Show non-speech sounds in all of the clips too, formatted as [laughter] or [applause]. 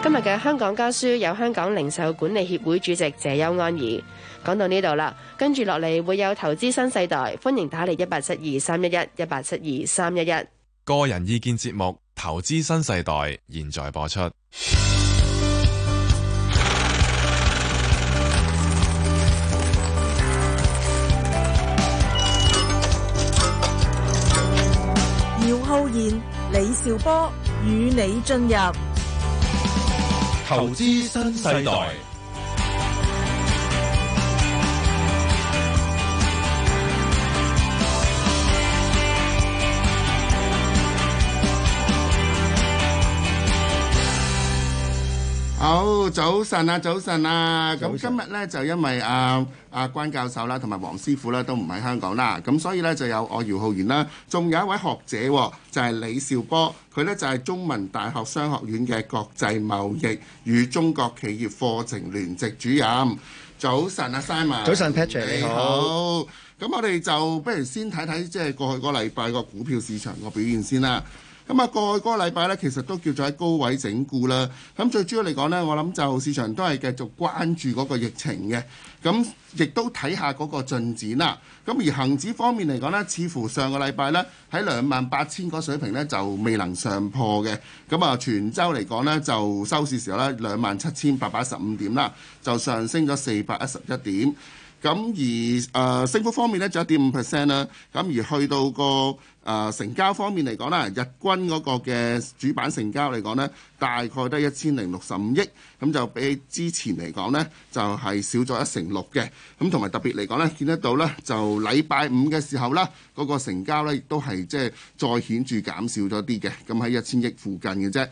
今日嘅香港家書有香港零售管理協會主席謝優安儀，講到呢度啦，跟住落嚟會有投資新世代，歡迎打嚟一八七二三一一一八七二三一一。個人意見節目《投資新世代》現在播出。姚浩然、李兆波與你進入。投資新世代。好，oh, 早晨啊，早晨啊！咁今日呢，晨就因為阿阿、啊啊、關教授啦，同埋黃師傅呢都唔喺香港啦，咁所以呢，就有我姚浩然啦，仲有一位學者，就係、是、李兆波，佢呢，就係中文大學商學院嘅國際貿易與中國企業課程聯席主任。早晨啊，Simon，早晨 Patrick，你好。咁好我哋就不如先睇睇即係過去個禮拜個股票市場個表現先啦。咁啊，過去嗰個禮拜呢，其實都叫做喺高位整固啦。咁最主要嚟講呢，我諗就市場都係繼續關注嗰個疫情嘅，咁亦都睇下嗰個進展啦。咁而恒指方面嚟講呢，似乎上個禮拜呢，喺兩萬八千個水平呢，就未能上破嘅。咁啊，全周嚟講呢，就收市時候呢，兩萬七千八百一十五點啦，就上升咗四百一十一點。咁而誒升幅方面咧就一點五 percent 啦。咁而去到、嗰個誒、呃、成交方面嚟講啦，日均嗰個嘅主板成交嚟講咧，大概都得一千零六十五億，咁就比之前嚟講咧就係、係、少咗一成六嘅。咁同埋特別嚟講咧，見得到咧就禮拜五嘅時候啦，嗰、嗰個成交咧亦都係即係再顯著減少咗啲嘅，咁喺一千億附近嘅啫。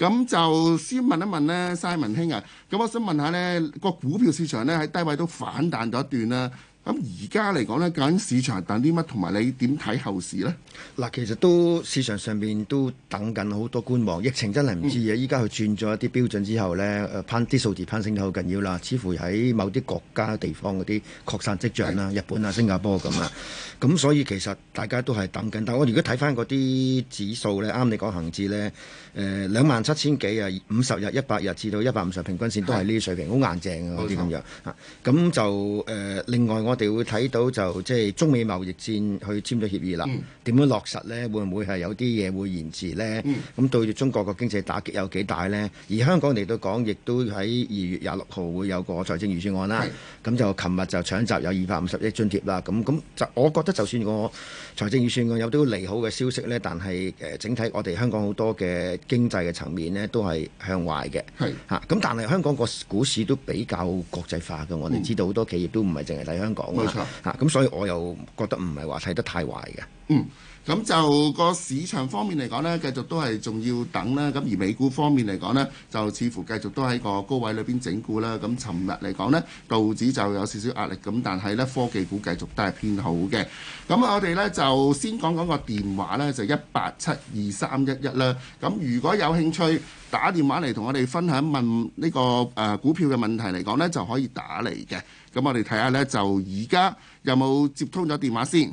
咁就先問一問呢，Simon 兄啊。咁我想問下呢、個股票市場呢，喺低位都反彈咗一段啦。咁而家嚟講呢，究竟市場等啲乜，同埋你點睇後市呢？嗱，其實都市場上面都等緊好多觀望。疫情真係唔知啊，依家佢轉咗啲標準之後呢，攀啲數字攀升得好緊要啦。似乎喺某啲國家地方嗰啲擴散跡象啦，是日本啊、新加坡咁啊。咁 [laughs] 所以其實大家都係等緊。但我如果睇翻嗰啲指數呢，啱你講恆指呢。誒兩萬七千幾啊，五十、呃、日、一百日至到一百五十平均線都係呢啲水平，好是硬淨啊好似咁樣嚇。咁錯、嗯、就誒、呃，另外我哋會睇到就即係、就是、中美貿易戰，去簽咗協議啦，點、嗯、樣落實呢？會唔會係有啲嘢會延遲呢？咁、嗯、對中國個經濟打擊有幾大呢？而香港嚟到講，亦都喺二月廿六號會有個財政預算案啦。咁是就琴日就搶集有二百五十億津貼啦。咁咁就我覺得，就算我財政預算案有啲利好嘅消息呢，但係誒、呃、整體我哋香港好多嘅。經濟嘅層面咧，都係向壞嘅，嚇咁是、啊。但係香港個股市都比較國際化嘅，我哋知道好多企業都唔係淨係睇香港、嗯、啊，嚇咁。所以我又覺得唔係話睇得太壞嘅，嗯。咁就個市場方面嚟講呢繼續都係仲要等啦。咁而美股方面嚟講呢就似乎繼續都喺個高位裏邊整固啦。咁尋日嚟講呢道指就有少少壓力，咁但係呢科技股繼續都係偏好嘅。咁我哋呢就先講講個電話呢就一八七二三一一啦。咁如果有興趣打電話嚟同我哋分享問呢、呢個誒、呃、股票嘅問題嚟講呢就可以打嚟嘅。咁我哋睇下呢就而家有冇接通咗電話先。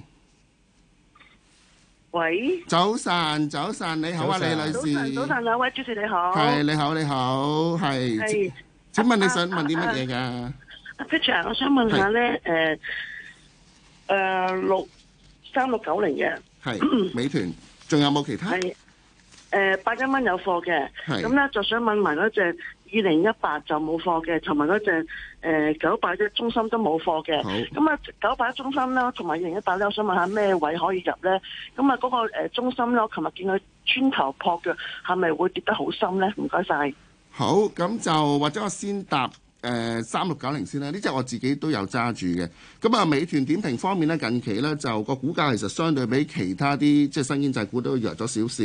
喂，早晨早晨，你好啊李女士。早晨兩位主持你好，係你好你好係。請問你想問啲乜嘢噶？Peter，我想問下咧，誒誒六三六九零嘅，係美團，仲有冇其他？係誒八一蚊有貨嘅，咁咧就想問埋嗰隻。二零一八就冇貨嘅，尋日嗰隻誒九八一中心都冇貨嘅，咁啊好九百中心啦，同埋二零一八咧，我想問下咩位可以入咧？咁啊嗰個誒、呃、中心咧，我尋日見佢穿頭破腳，係咪會跌得好深咧？唔該晒。好，咁就或者我先答。誒三六九零先啦，呢隻我自己都有揸住嘅。咁啊，美團點評方面呢，近期呢，就個股價其實相對比其他啲即係新經濟股都弱咗少少。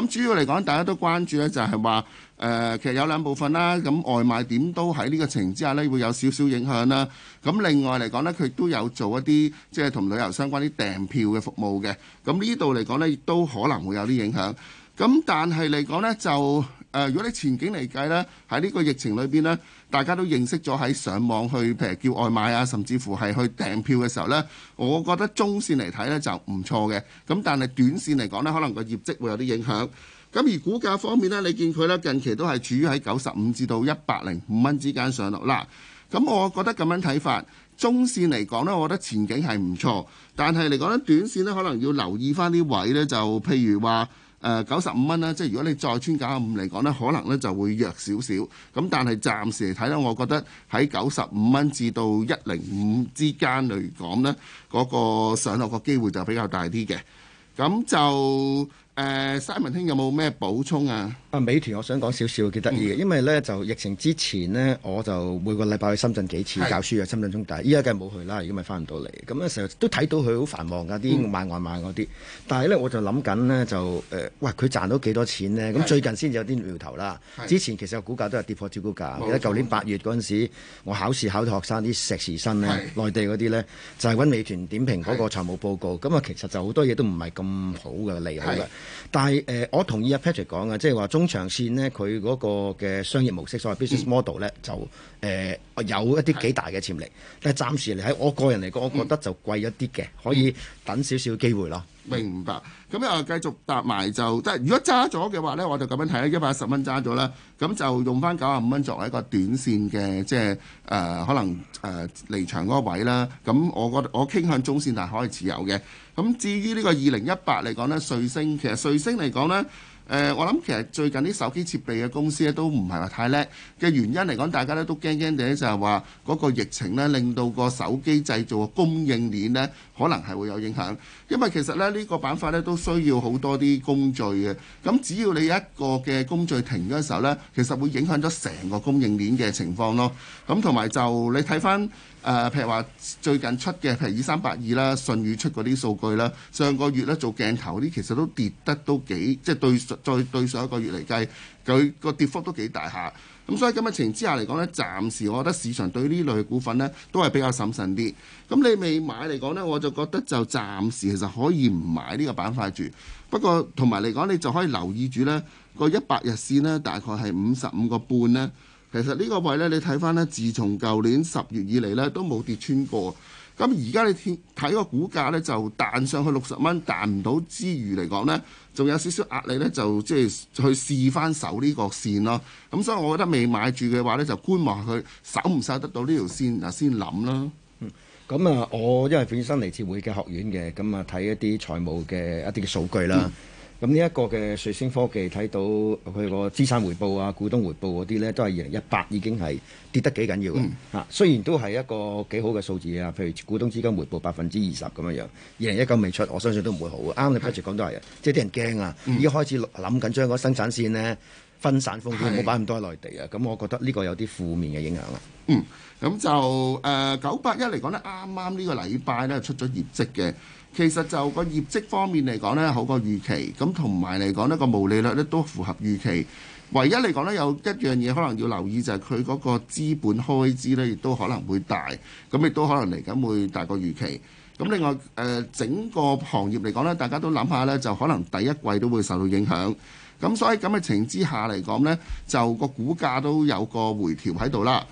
咁主要嚟講，大家都關注呢，就係話誒，其實有兩部分啦。咁外賣點都喺呢個情形之下呢，會有少少影響啦。咁另外嚟講呢，佢都有做一啲即係同旅遊相關啲訂票嘅服務嘅。咁呢度嚟講呢，亦都可能會有啲影響。咁但係嚟講呢，就。誒、呃，如果你前景嚟計呢，喺呢個疫情裏邊呢，大家都認識咗喺上網去譬如叫外賣啊，甚至乎係去訂票嘅時候呢，我覺得中線嚟睇呢就唔錯嘅。咁但係短線嚟講呢，可能個業績會有啲影響。咁而股價方面呢，你見佢呢近期都係處於喺九十五至到一百零五蚊之間上落。嗱，咁我覺得咁樣睇法，中線嚟講呢，我覺得前景係唔錯。但係嚟講呢，短線呢可能要留意返啲位呢，就譬如話。誒九十五蚊啦，即係如果你再穿九十五嚟講呢，可能呢就會弱少少。咁但係暫時嚟睇呢，我覺得喺九十五蚊至到一零五之間嚟講呢，嗰個上落個機會就比較大啲嘅。咁就。誒，Simon、uh, 兄有冇咩補充啊？啊，美團，我想講少少幾得意嘅，mm. 因為呢就疫情之前呢，我就每個禮拜去深圳幾次是教書啊，深圳中大，依家梗係冇去啦，如果咪翻唔到嚟，咁呢，成日都睇到佢好繁忙噶，啲賣外賣嗰啲，mm. 但係呢，我就諗緊呢，就誒，喂、呃，佢賺到幾多錢呢？咁最近先至有啲苗頭啦。是之前其實股價都係跌破招股價。是記得舊年八月嗰陣時，我考試考啲學生啲碩士生呢，內是地嗰啲呢，就係、是、搵美團點評嗰個財務報告，咁啊是，是其實就好多嘢都唔係咁好嘅利好嘅。是但係誒、呃，我同意阿 Patrick 講嘅，即係話中長線呢，佢嗰個嘅商業模式，所謂 business model 咧，嗯、就誒、呃、有一啲幾大嘅潛力，嗯、但係暫時嚟喺我個人嚟講，我覺得就貴一啲嘅，可以等少少機會咯。明白，咁、嗯、又、嗯、繼續搭埋就，但係如果揸咗嘅話呢，我就咁樣睇一百一十蚊揸咗啦，咁就用翻九十五蚊作為一個短線嘅，即係誒、呃、可能誒、呃、離場嗰個位啦。咁我覺得我傾向中線，但係可以持有嘅。咁至於呢個二零一八嚟講呢，瑞星，其實瑞星嚟講呢。誒、呃，我諗其實最近啲手機設備嘅公司咧都唔係話太叻嘅原因嚟講，大家咧都驚驚地就係話嗰個疫情咧令到個手機製造嘅供應鏈咧可能係會有影響，因為其實咧呢、呢個板塊咧都需要好多啲工序嘅，咁只要你一個嘅工序停咗嘅時候咧，其實會影響咗成個供應鏈嘅情況咯。咁同埋就你睇翻。誒、呃，譬如話最近出嘅譬如二三八二啦，舜宇出嗰啲數據啦，上個月咧做鏡頭啲，其實都跌得都幾，即係對再對,對上一個月嚟計，佢個跌幅都幾大下。咁所以今日情形之下嚟講呢，暫時我覺得市場對呢類股份呢都係比較審慎啲。咁你未買嚟講呢，我就覺得就暫時其實可以唔買呢個板塊住。不過同埋嚟講，你就可以留意住呢個一百日線呢，大概係五十五個半呢。其實呢個位呢，你睇翻呢，自從舊年十月以嚟呢，都冇跌穿過。咁而家你睇個股價呢，就彈上去六十蚊，彈唔到之餘嚟講呢，仲有少少壓力呢，就即係去試翻守呢個線咯。咁、嗯、所以，我覺得未買住嘅話呢，就觀望佢守唔守得到呢條線嗱，先諗啦。嗯，咁啊，我因為本身嚟自會計學院嘅，咁啊睇一啲財務嘅一啲嘅數據啦。嗯咁呢一個嘅瑞聲科技睇到佢個資產回報啊、股東回報嗰啲咧，都係二零一八已經係跌得幾緊要嘅嚇、嗯啊。雖然都係一個幾好嘅數字啊，譬如股東資金回報百分之二十咁樣樣。二零一九未出，我相信都唔會好。啱，你 Patrick 講都係是啊，即係啲人驚啊，而家開始諗緊將個生產線呢分散風險，冇擺咁多喺內地啊。咁我覺得呢個有啲負面嘅影響啦、啊。嗯，咁就誒九八一嚟講呢啱啱呢個禮拜呢，出咗業績嘅。其實就個業績方面嚟講呢，好過預期，咁同埋嚟講呢個毛利率呢都符合預期。唯一嚟講呢，有一樣嘢可能要留意，就係佢嗰個資本開支呢亦都可能會大，咁亦都可能嚟緊會大過預期。咁另外誒、呃、整個行業嚟講呢，大家都諗下呢，就可能第一季都會受到影響。咁所以咁嘅情之下嚟講呢，就個股價都有個回調喺度啦。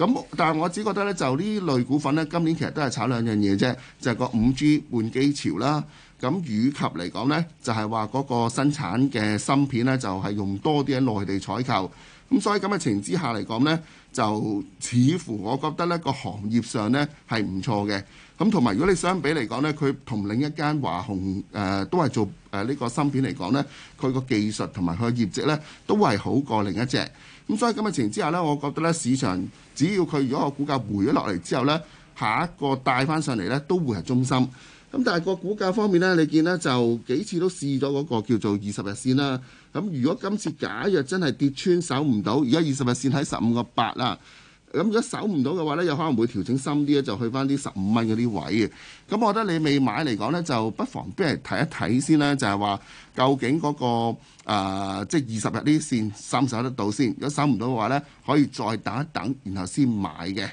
咁但係我只覺得咧，就呢類股份咧，今年其實都係炒兩樣嘢啫，就係個五 G 換機潮啦。咁與及嚟講呢，就係話嗰個生產嘅芯片呢，就係用多啲喺內地採購。咁所以咁嘅情形之下嚟講呢，就似乎我覺得呢個行業上呢，係唔錯嘅。咁同埋如果你相比嚟、呃呃這個、講呢，佢同另一間華虹誒都係做誒呢個芯片嚟講呢，佢個技術同埋佢業績呢都係好過另一隻。咁、嗯、所以咁嘅情形之下呢，我覺得呢市場只要佢如果個股價回咗落嚟之後呢，下一個帶翻上嚟呢都會係中芯。咁、嗯、但係個股價方面呢，你見呢就幾次都試咗嗰個叫做二十日線啦。咁、嗯、如果今次假若真係跌穿守唔到，而家二十日線喺十五個八啦。咁如果守唔到嘅話呢有可能會調整深啲咧，就去翻啲十五蚊嗰啲位嘅。咁我覺得你未買嚟講呢，就不妨不如睇一睇先啦。就係話究竟嗰個，呃，即係二十日呢啲線三守得到先。如果守唔到嘅話呢可以再等一等，然後先買嘅。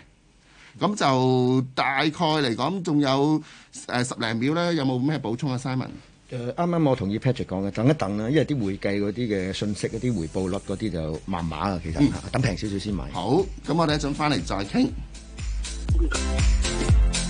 咁就大概嚟講，仲有誒十零秒呢，有冇咩補充啊，Simon？誒啱啱我同意 Patrick 講嘅，等一等啦，因為啲會計嗰啲嘅信息嗰啲回報率嗰啲就麻麻啊，其實、嗯、等平少少先買。好，咁我哋一陣翻嚟再傾。 [music]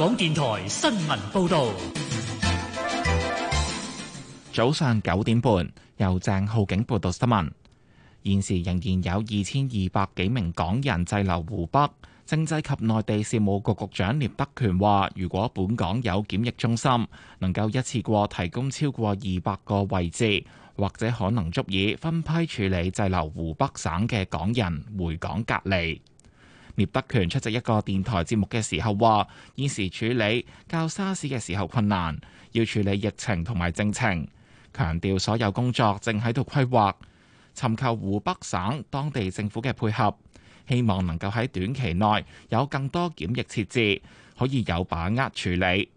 港電台新聞報道，早上九點半，由鄭浩景報道新聞。現時仍然有二千二百幾名港人滯留湖北。政制及內地事務局局長聶德權話，如果本港有檢疫中心，能夠一次過提供超過二百個位置，或者可能足以分批處理滯留湖北省嘅港人回港隔離。聶德權出席一個電台節目嘅時候話，現時處理較沙士嘅時候困難，要處理疫情同埋政情，強調所有工作正喺度規劃，尋求湖北省當地政府嘅配合，希望能夠喺短期內有更多檢疫設置，可以有把握處理。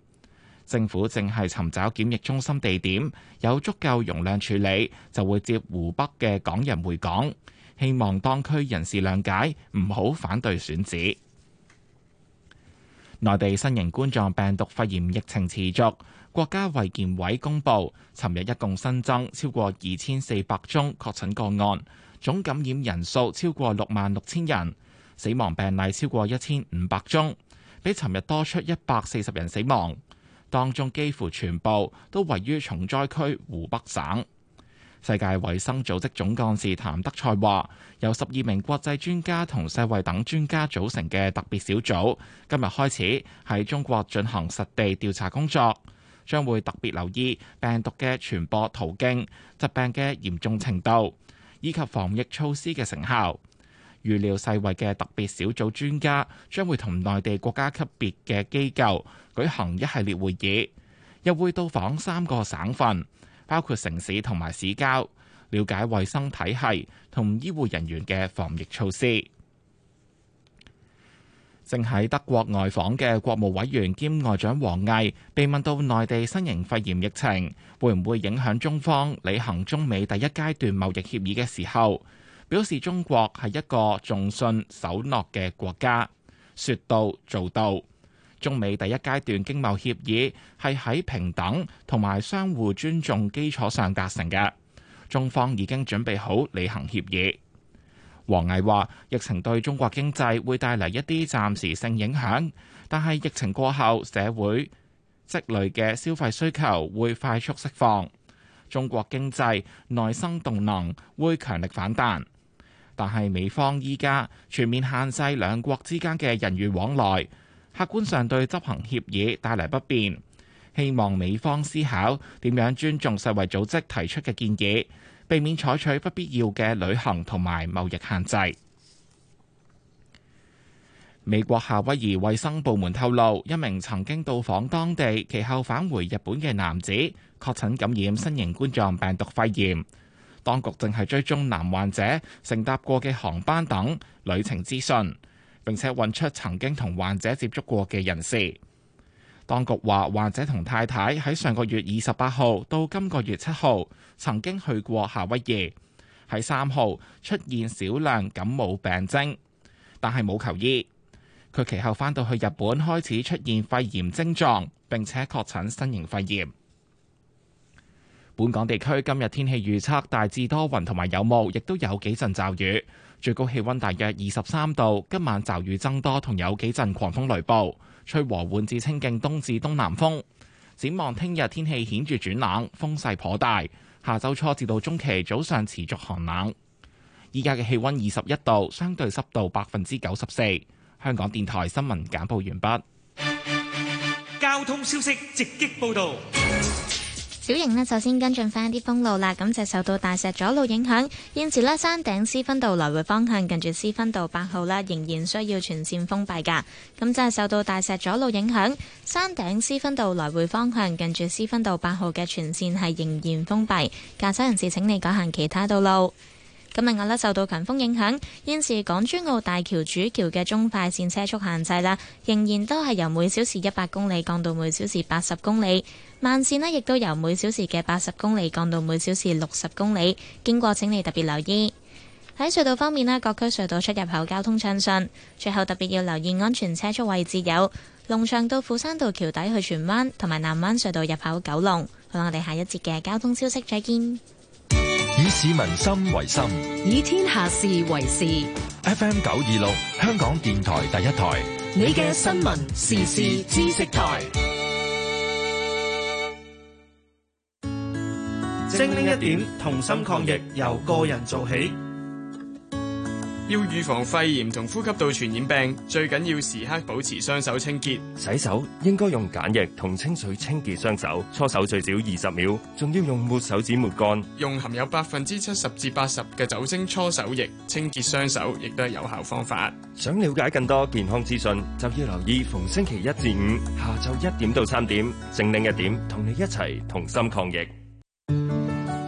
政府正係尋找檢疫中心地點，有足夠容量處理，就會接湖北嘅港人回港。希望當區人士諒解，唔好反對選址。內地新型冠狀病毒肺炎疫情持續，國家衛健委公布，尋日一共新增超過二千四百宗確診個案，總感染人數超過六萬六千人，死亡病例超過一千五百宗，比尋日多出一百四十人死亡，當中幾乎全部都位於重災區湖北省。世界衛生組織總幹事譚德塞話：由十二名國際專家同世衛等專家組成嘅特別小組，今日開始喺中國進行實地調查工作，將會特別留意病毒嘅傳播途徑、疾病嘅嚴重程度以及防疫措施嘅成效。預料世衛嘅特別小組專家將會同內地國家級別嘅機構舉行一系列會議，又會到訪三個省份。包括城市同埋市郊，了解衛生體系同醫護人員嘅防疫措施。正喺德國外訪嘅國務委員兼外長王毅被問到內地新型肺炎疫情會唔會影響中方履行中美第一階段貿易協議嘅時候，表示中國係一個重信守諾嘅國家，說到做到。中美第一階段經貿協議係喺平等同埋相互尊重基礎上達成嘅。中方已經準備好履行協議。王毅話：疫情對中國經濟會帶嚟一啲暫時性影響，但係疫情過後，社會積累嘅消費需求會快速釋放，中國經濟內生動能會強力反彈，但係美方依家全面限制兩國之間嘅人員往來。客觀上對執行協議帶嚟不便，希望美方思考點樣尊重世衛組織提出嘅建議，避免採取不必要嘅旅行同埋貿易限制。美國夏威夷衛生部門透露，一名曾經到訪當地，其後返回日本嘅男子確診感染新型冠狀病毒肺炎。當局正係追蹤男患者乘搭過嘅航班等旅程資訊。並且揾出曾經同患者接觸過嘅人士。當局話，患者同太太喺上個月二十八號到今個月七號曾經去過夏威夷，喺三號出現少量感冒病徵，但係冇求醫。佢其後返到去日本，開始出現肺炎症狀，並且確診新型肺炎。本港地區今日天氣預測大致多雲同埋有霧，亦都有幾陣驟雨。最高氣溫大約二十三度，今晚驟雨增多，同有幾陣狂風雷暴，吹和緩至清勁東至東南風。展望聽日天，天氣顯著轉冷，風勢頗大。下周初至到中期早上持續寒冷。依家嘅氣溫二十一度，相對濕度百分之九十四。香港電台新聞簡報完畢。交通消息直擊報道。小型呢，首先跟進翻啲封路啦。咁就受到大石阻路影響，現時呢，山頂施勳道來回方向，近住施勳道八號啦，仍然需要全線封閉噶。咁就係受到大石阻路影響，山頂施勳道來回方向，近住施勳道八號嘅全線係仍然封閉，駕駛人士請你改行其他道路。咁另外呢，受到強風影響，現時港珠澳大橋主橋嘅中快線車速限制啦，仍然都係由每小時一百公里降到每小時八十公里。慢線呢亦都由每小時嘅八十公里降到每小時六十公里，經過請你特別留意。喺隧道方面呢各區隧道出入口交通暢順。最後特別要留意安全車速位置有龍翔道、斧山道橋底去荃灣同埋南灣隧道入口九龍。好啦，我哋下一節嘅交通消息再見。以市民心為心，以天下事為事。FM 九二六，香港電台第一台，你嘅新聞時事知識台。精靈一點，同心抗疫，由個人做起。要預防肺炎同呼吸道傳染病，最緊要時刻保持雙手清潔。洗手應該用鹼液同清水清潔雙手，搓手最少二十秒，仲要用抹手指抹乾。用含有百分之七十至八十嘅酒精搓手液清潔雙手，亦都係有效方法。想了解更多健康資訊，就要留意逢星期一至五下晝一點到三點，精靈一點，同你一齊同心抗疫。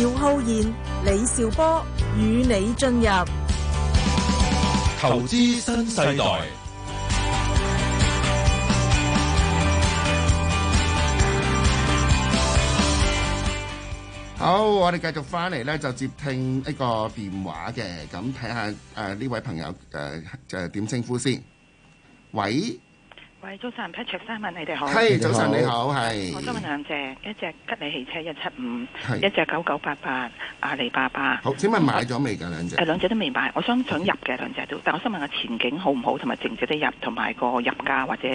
姚浩然、李兆波與你進入投資新世代。好，我哋繼續翻嚟咧，就接聽一個電話嘅，咁睇下誒呢位朋友誒誒點稱呼先。喂，喂，早晨，Peter 先生，問你哋好，係早晨，你好，係。我想問兩隻，一隻吉利汽車 5, 是一七五，一隻九九八八，阿里巴巴。好，請問買咗未？噶兩隻？誒、嗯，兩隻都未買，我想想入嘅，兩隻都，但我想問下前景好唔好，同埋淨值得入，同埋個入價或者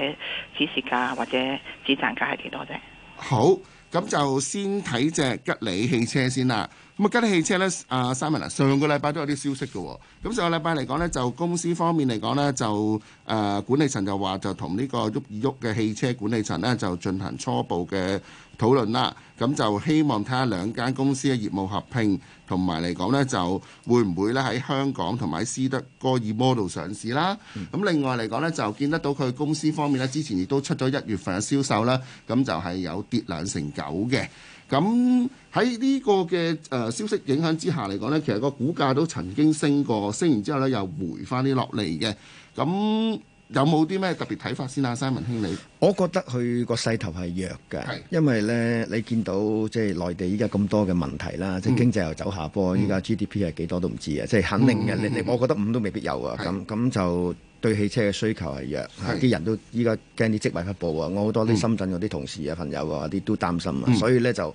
止蝕價或者止賺價係幾多啫？好。咁就先睇隻吉利汽車先啦。咁啊，吉利汽車呢，阿 Simon 上個禮拜都有啲消息嘅、哦。咁上個禮拜嚟講呢，就公司方面嚟講呢，就誒、呃、管理層就話就同呢個沃爾沃嘅汽車管理層呢，就進行初步嘅討論啦，咁就希望睇下兩間公司嘅業務合併，同埋嚟講咧，就會唔會咧喺香港同埋斯德哥爾摩度上市啦。咁另外嚟講咧，就見得到佢公司方面咧，之前亦都出咗一月份嘅銷售啦，咁就係有跌兩成九嘅。咁喺呢個嘅誒消息影響之下嚟講咧，其實個股價都曾經升過，升完之後咧又回返啲落嚟嘅。咁有冇啲咩特別睇法先啊，山文兄你？我覺得佢個勢頭係弱嘅，因為咧你見到即係內地依家咁多嘅問題啦，即係經濟又走下坡，依家 GDP 係幾多都唔知啊，即係肯定嘅，你哋，我覺得五都未必有啊，咁咁是就。對汽車嘅需求係弱，啲是人都依家驚啲職位不保啊！我好多啲深圳嗰啲同事啊、嗯、朋友啊啲都擔心啊，嗯、所以咧就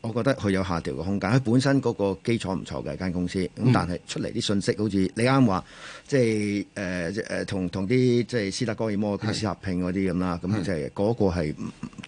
我覺得佢有下調嘅空間。佢本身嗰個基礎唔錯嘅間公司，咁但係出嚟啲信息好似你啱啱話，即係誒誒同同啲即係斯，斯德哥爾摩公司合併嗰啲咁啦，咁即係嗰個係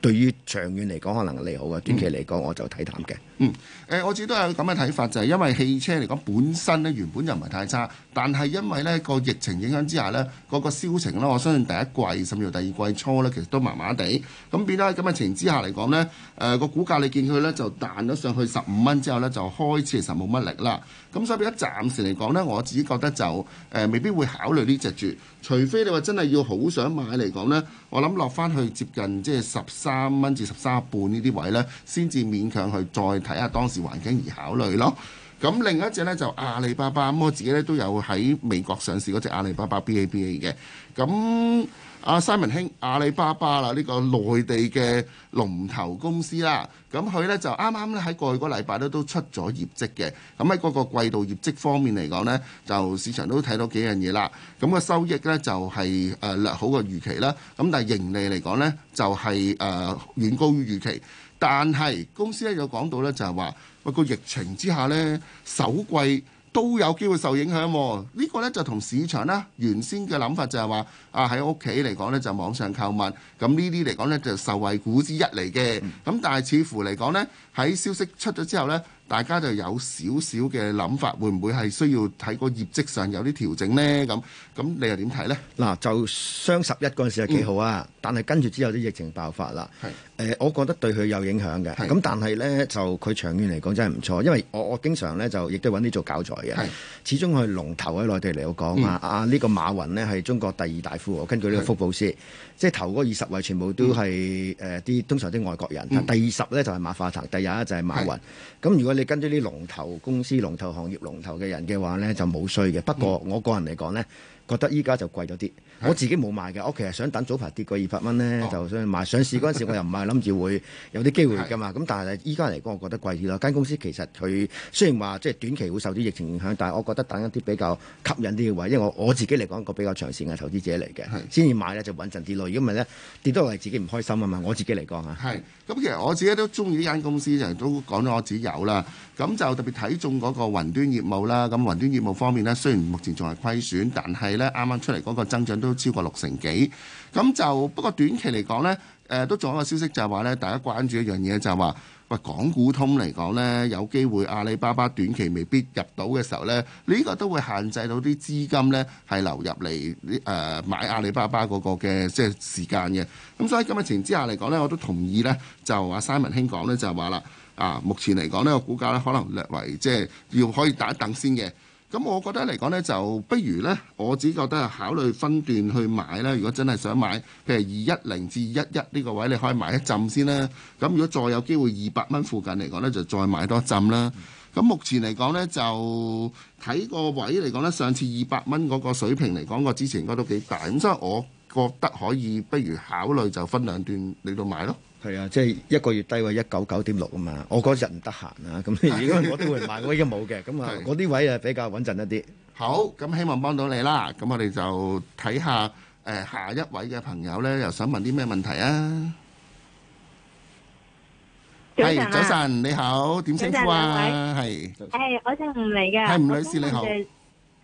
對於長遠嚟講可能係利好嘅，短期嚟講我就睇淡嘅。嗯，誒、呃、我自己都有咁嘅睇法，就係、是、因為汽車嚟講本身咧原本就唔係太差。但係因為呢、呢個疫情影響之下呢嗰、呢個銷情呢，我相信第一季甚至乎第二季初呢，其實都麻麻地。咁變咗，咁嘅情形之下嚟講呢誒個、呃、股價你見佢呢，就彈咗上去十五蚊之後呢，就開始其實冇乜力啦。咁所以一暫時嚟講呢，我自己覺得就誒、呃、未必會考慮呢隻住，除非你話真係要好想買嚟講呢，我諗落返去接近即係十三蚊至十三半呢啲位呢，先至勉強去再睇下當時環境而考慮咯。咁另一隻呢，就阿里巴巴，咁我自己咧都有喺美國上市嗰隻阿里巴巴 BABA 嘅。咁阿 Simon 兄，阿里巴巴啦，呢個內地嘅龍頭公司啦。咁佢呢，就啱啱咧喺過去嗰個禮拜咧都出咗業績嘅。咁喺嗰個季度業績方面嚟講呢，就市場都睇到幾樣嘢啦。咁個收益呢，就係誒略好過預期啦。咁但係盈利嚟講呢，就係誒遠高於預期。但係公司呢，有講到呢，就係話。不過疫情之下呢，首季都有機會受影響。呢、呢個呢，就同市場咧原先嘅諗法就係話啊喺屋企嚟講呢，就網上購物，咁呢啲嚟講呢，就受惠股之一嚟嘅。咁但係似乎嚟講呢，喺消息出咗之後呢。大家就有少少嘅諗法，會唔會係需要睇個業績上有啲調整呢？咁咁你又點睇呢？嗱，就雙十一嗰陣時係幾好啊！嗯、但係跟住之後啲疫情爆發啦。係是、呃，我覺得對佢有影響嘅。係是，咁但係呢，就佢長遠嚟講真係唔錯，因為我我經常呢就亦都揾啲做教材嘅。是始終佢龍頭喺內地嚟講、嗯、啊！啊，呢個馬雲呢係中國第二大富豪，根據呢個福布斯。是即係頭嗰二十位全部都係誒啲通常啲外國人，嗯、第二十呢就係馬化騰，第二十一就係馬雲。咁是的 如果你跟咗啲龍頭公司、龍頭行業、龍頭嘅人嘅話呢，就冇衰嘅。不過我個人嚟講呢，嗯、覺得依家就貴咗啲。我自己冇買嘅，我其實想等早排跌過二百蚊咧，哦、就想買上市嗰陣時，我又唔係諗住會有啲機會㗎嘛。咁 [laughs] 但係依家嚟講，我覺得貴啲啦。間公司其實佢雖然話即係短期會受啲疫情影響，但係我覺得等一啲比較吸引啲嘅位，因為我我自己嚟講個比較長線嘅投資者嚟嘅，先至是 買咧就穩陣啲落。如果唔係咧，跌多落自己唔開心啊嘛。我自己嚟講啊，係。咁其實我自己都中意呢間公司，都講咗我自己有啦。咁就特別睇中嗰個雲端業務啦，咁雲端業務方面呢，雖然目前仲係虧損，但係呢啱啱出嚟嗰個增長都超過六成幾。咁就不過短期嚟講呢，誒都仲有一個消息就係話呢，大家關注一樣嘢就係話，喂，港股通嚟講呢，有機會阿里巴巴短期未必入到嘅時候呢，呢個都會限制到啲資金呢係流入嚟誒、呃、買阿里巴巴嗰個嘅即係時間嘅。咁所以今日情之下嚟講呢，我都同意呢，就阿 Simon 兄講呢，就係話啦。啊，目前嚟講呢個股價呢可能略為即係要可以打等先嘅。咁我覺得嚟講呢就不如呢，我只覺得考慮分段去買啦。如果真係想買，譬如二一零至一一呢個位，你可以買一浸先啦。咁如果再有機會二百蚊附近嚟講呢就再買多一浸啦。咁目前嚟講呢就睇個位嚟講呢上次二百蚊嗰個水平嚟講，之前個支持應該都幾大。咁所以，我覺得可以不如考慮就分兩段嚟到買咯。係啊，即係一個月低位一九九點六啊嘛。我嗰日唔得閒啦，咁如果我都會買，我已經冇嘅。咁啊，我啲位啊比較穩陣一啲。好，咁希望幫到你啦。咁我哋就睇下誒下一位嘅朋友咧，又想問啲咩問題啊？早晨啊，早晨你好，點稱呼啊？係，係，我姓吳嚟㗎。係吳女士你好。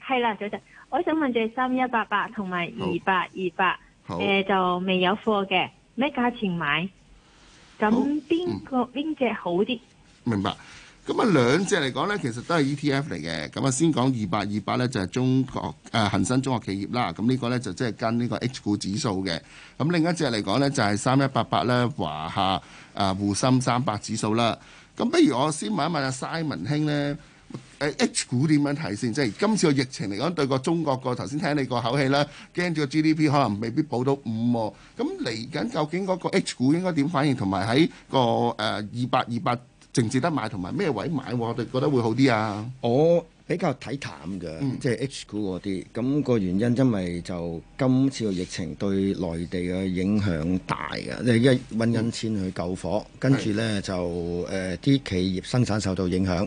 係啦，早晨，我想問隻三一八八同埋二八二八，誒就未有貨嘅，咩價錢買？咁邊個邊隻好啲、嗯？明白，咁啊兩隻嚟講呢，其實都係 ETF 嚟嘅。咁啊，先講二八二八呢，就係中國誒、呃、恆生中國企業啦。咁呢個呢，就即、是、係跟呢個 H 股指數嘅。咁另一隻嚟講呢，就係三一八八呢華夏誒滬、呃、深三百指數啦。咁不如我先問一問阿 Simon 兄呢。誒 H 股點樣睇先？即係今次個疫情嚟講，對個中國個頭先聽你個口氣啦，驚住個 GDP 可能未必補到五，哦。咁嚟緊究竟嗰個 H 股應該點反應？同埋喺個誒二百、二百淨值得買，同埋咩位買？我哋覺得會好啲啊！我比較睇淡嘅，嗯、即係 H 股嗰啲咁個原因，因為就今次個疫情對內地嘅影響大啊。你一揾緊錢去救火，嗯、跟住咧是就誒啲、呃、企業生產受到影響。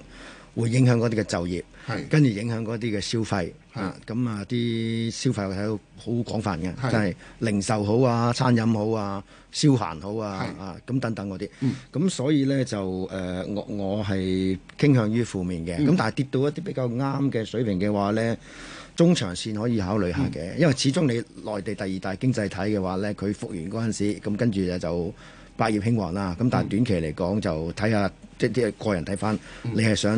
會影響嗰啲嘅就業，是跟住影響嗰啲嘅消費，啊咁啊啲消費係好廣泛嘅，是就係零售好啊、餐飲好啊、消閒好啊，是啊咁等等嗰啲。咁、嗯、所以呢，就、呃、誒我我係傾向於負面嘅。咁、嗯、但係跌到一啲比較啱嘅水平嘅話呢，中長線可以考慮下嘅，嗯、因為始終你內地第二大經濟體嘅話呢，佢復原嗰陣時，咁跟住呢就。就百業興旺啦，咁但係短期嚟講就睇下，即係即係個人睇返，你係想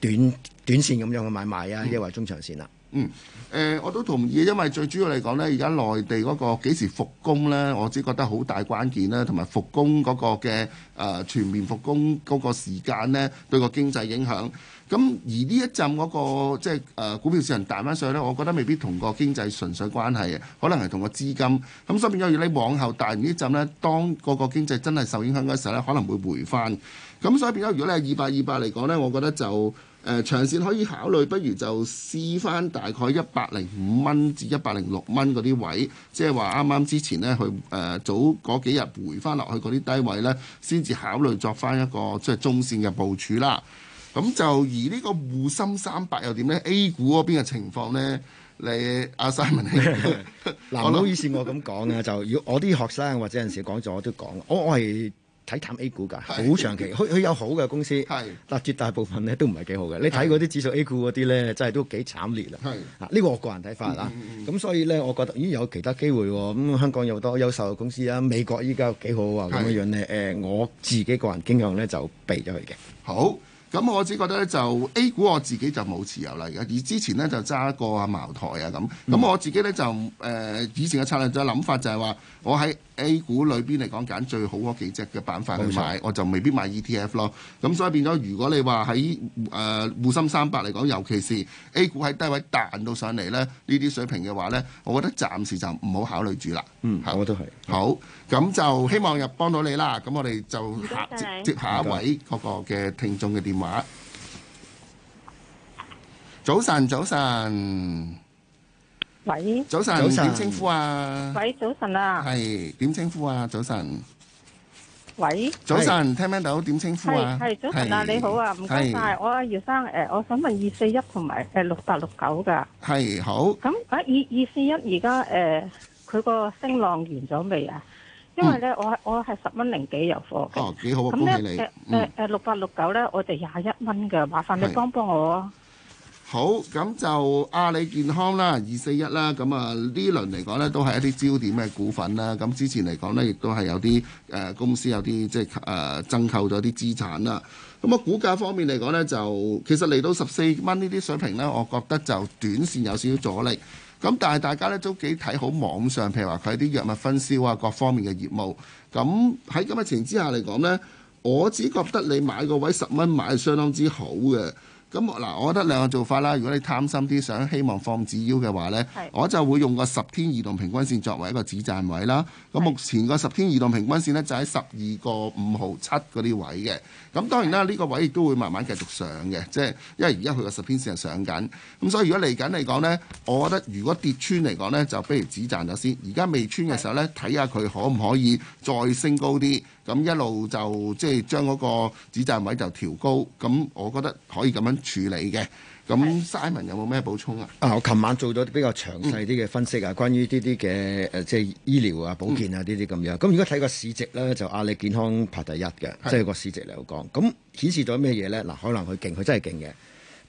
短短線咁樣嘅買賣啊，抑或、嗯、中長線啦。嗯，誒、呃，我都同意，因為最主要嚟講呢，而家內地嗰個幾時復工呢，我只覺得好大關鍵啦，同埋復工嗰個嘅誒、呃、全面復工嗰個時間呢，對個經濟影響。咁而呢一陣嗰、那個即係誒、呃、股票市場彈翻上去呢，我覺得未必同個經濟純粹關係嘅，可能係同個資金咁。所以變咗，如果你往後彈完一陣呢陣呢，當個個經濟真係受影響嘅時候呢，可能會回翻。咁所以變咗，如果你係二百二百嚟講呢，我覺得就誒、呃、長線可以考慮，不如就試翻大概一百零五蚊至一百零六蚊嗰啲位，即係話啱啱之前呢，去誒、呃、早嗰幾日回翻落去嗰啲低位呢，先至考慮作翻一個即係、就是、中線嘅部署啦。咁就而呢個滬深三百又點咧？A 股嗰邊嘅情況咧，你阿、啊、Simon，你。我諗以前我咁講啊，就要我啲學生或者有陣時講咗，我都講，我我係睇淡 A 股㗎，好是的 長期。佢佢是的 有好嘅公司，是的 但絕大部分咧都唔係幾好嘅。你睇嗰啲指數 A 股嗰啲咧，真係都幾慘烈啦。係，呢個我個人睇法啊。咁、嗯、所以咧，我覺得咦有其他機會喎、哦？咁、嗯、香港有好多優秀嘅公司啊，美國依家幾好啊，咁樣樣咧誒，我自己個人傾向咧就避咗佢嘅。好。咁我只覺得咧就 A 股、欸、我自己就冇持有啦嘅，而之前咧就揸過啊茅台啊咁，咁我自己咧就誒、呃、以前嘅策略就諗法就係話我喺 A 股裏邊嚟講揀最好嗰幾隻嘅板塊去買，冇錯。我就未必買 ETF 咯。咁所以變咗，如果你話喺誒滬深三百嚟講，尤其是 A 股喺低位彈到上嚟咧，呢啲水平嘅話呢，我覺得暫時就唔好考慮住啦、嗯。嗯，我都係。好，咁就希望又幫到你啦。咁我哋就下謝謝接下一位嗰個嘅聽眾嘅電話。謝謝，早晨，早晨。喂，早晨，點稱呼啊？喂，早晨啊！係，點稱呼啊？早晨。喂，早晨，聽唔聽到？點稱呼啊？係早晨啊，你好啊，唔該晒，我阿姚生誒，我想問二四一同埋誒六八六九噶。係好。咁啊，二二四一而家誒，佢個升浪完咗未啊？因為咧，我我係十蚊零幾入貨哦，幾好啊！恭喜你。誒誒，六八六九咧，我哋廿一蚊噶，麻煩你幫幫我啊。好，咁就阿里、啊、健康啦，二四一啦。咁啊呢輪嚟講呢，都係一啲焦點嘅股份啦。咁之前嚟講呢，亦都係有啲誒、呃、公司有啲即係誒、呃、增購咗啲資產啦。咁啊，股價方面嚟講呢，就其實嚟到十四蚊呢啲水平呢，我覺得就短線有少少阻力。咁但係大家咧都幾睇好網上，譬如話佢啲藥物分銷啊，各方面嘅業務。咁喺咁嘅情況之下嚟講呢，我只覺得你買個位十蚊買係相當之好嘅。咁嗱，我覺得兩個做法啦。如果你貪心啲，想希望放止腰嘅話呢，是我就會用個十天移動平均線作為一個止賺位啦。咁是目前個十天移動平均線呢，就喺十二個五毫七嗰啲位嘅。咁當然啦，呢、這個位亦都會慢慢繼續上嘅，即係因為而家佢個十天線係上緊，咁所以如果嚟緊嚟講呢，我覺得如果跌穿嚟講呢，就不如止賺咗先。而家未穿嘅時候呢，睇下佢可唔可以再升高啲，咁一路就即係將嗰個止賺位就調高，咁我覺得可以咁樣處理嘅。咁 Simon 有冇咩補充啊？啊，我琴晚做咗比較詳細啲嘅分析啊，嗯、關於呢啲嘅誒，即係醫療啊、保健啊呢啲咁樣。咁、嗯、如果睇個市值咧，就阿里健康排第一嘅，即係個市值嚟講。咁顯示咗咩嘢咧？嗱，可能佢勁，佢真係勁嘅。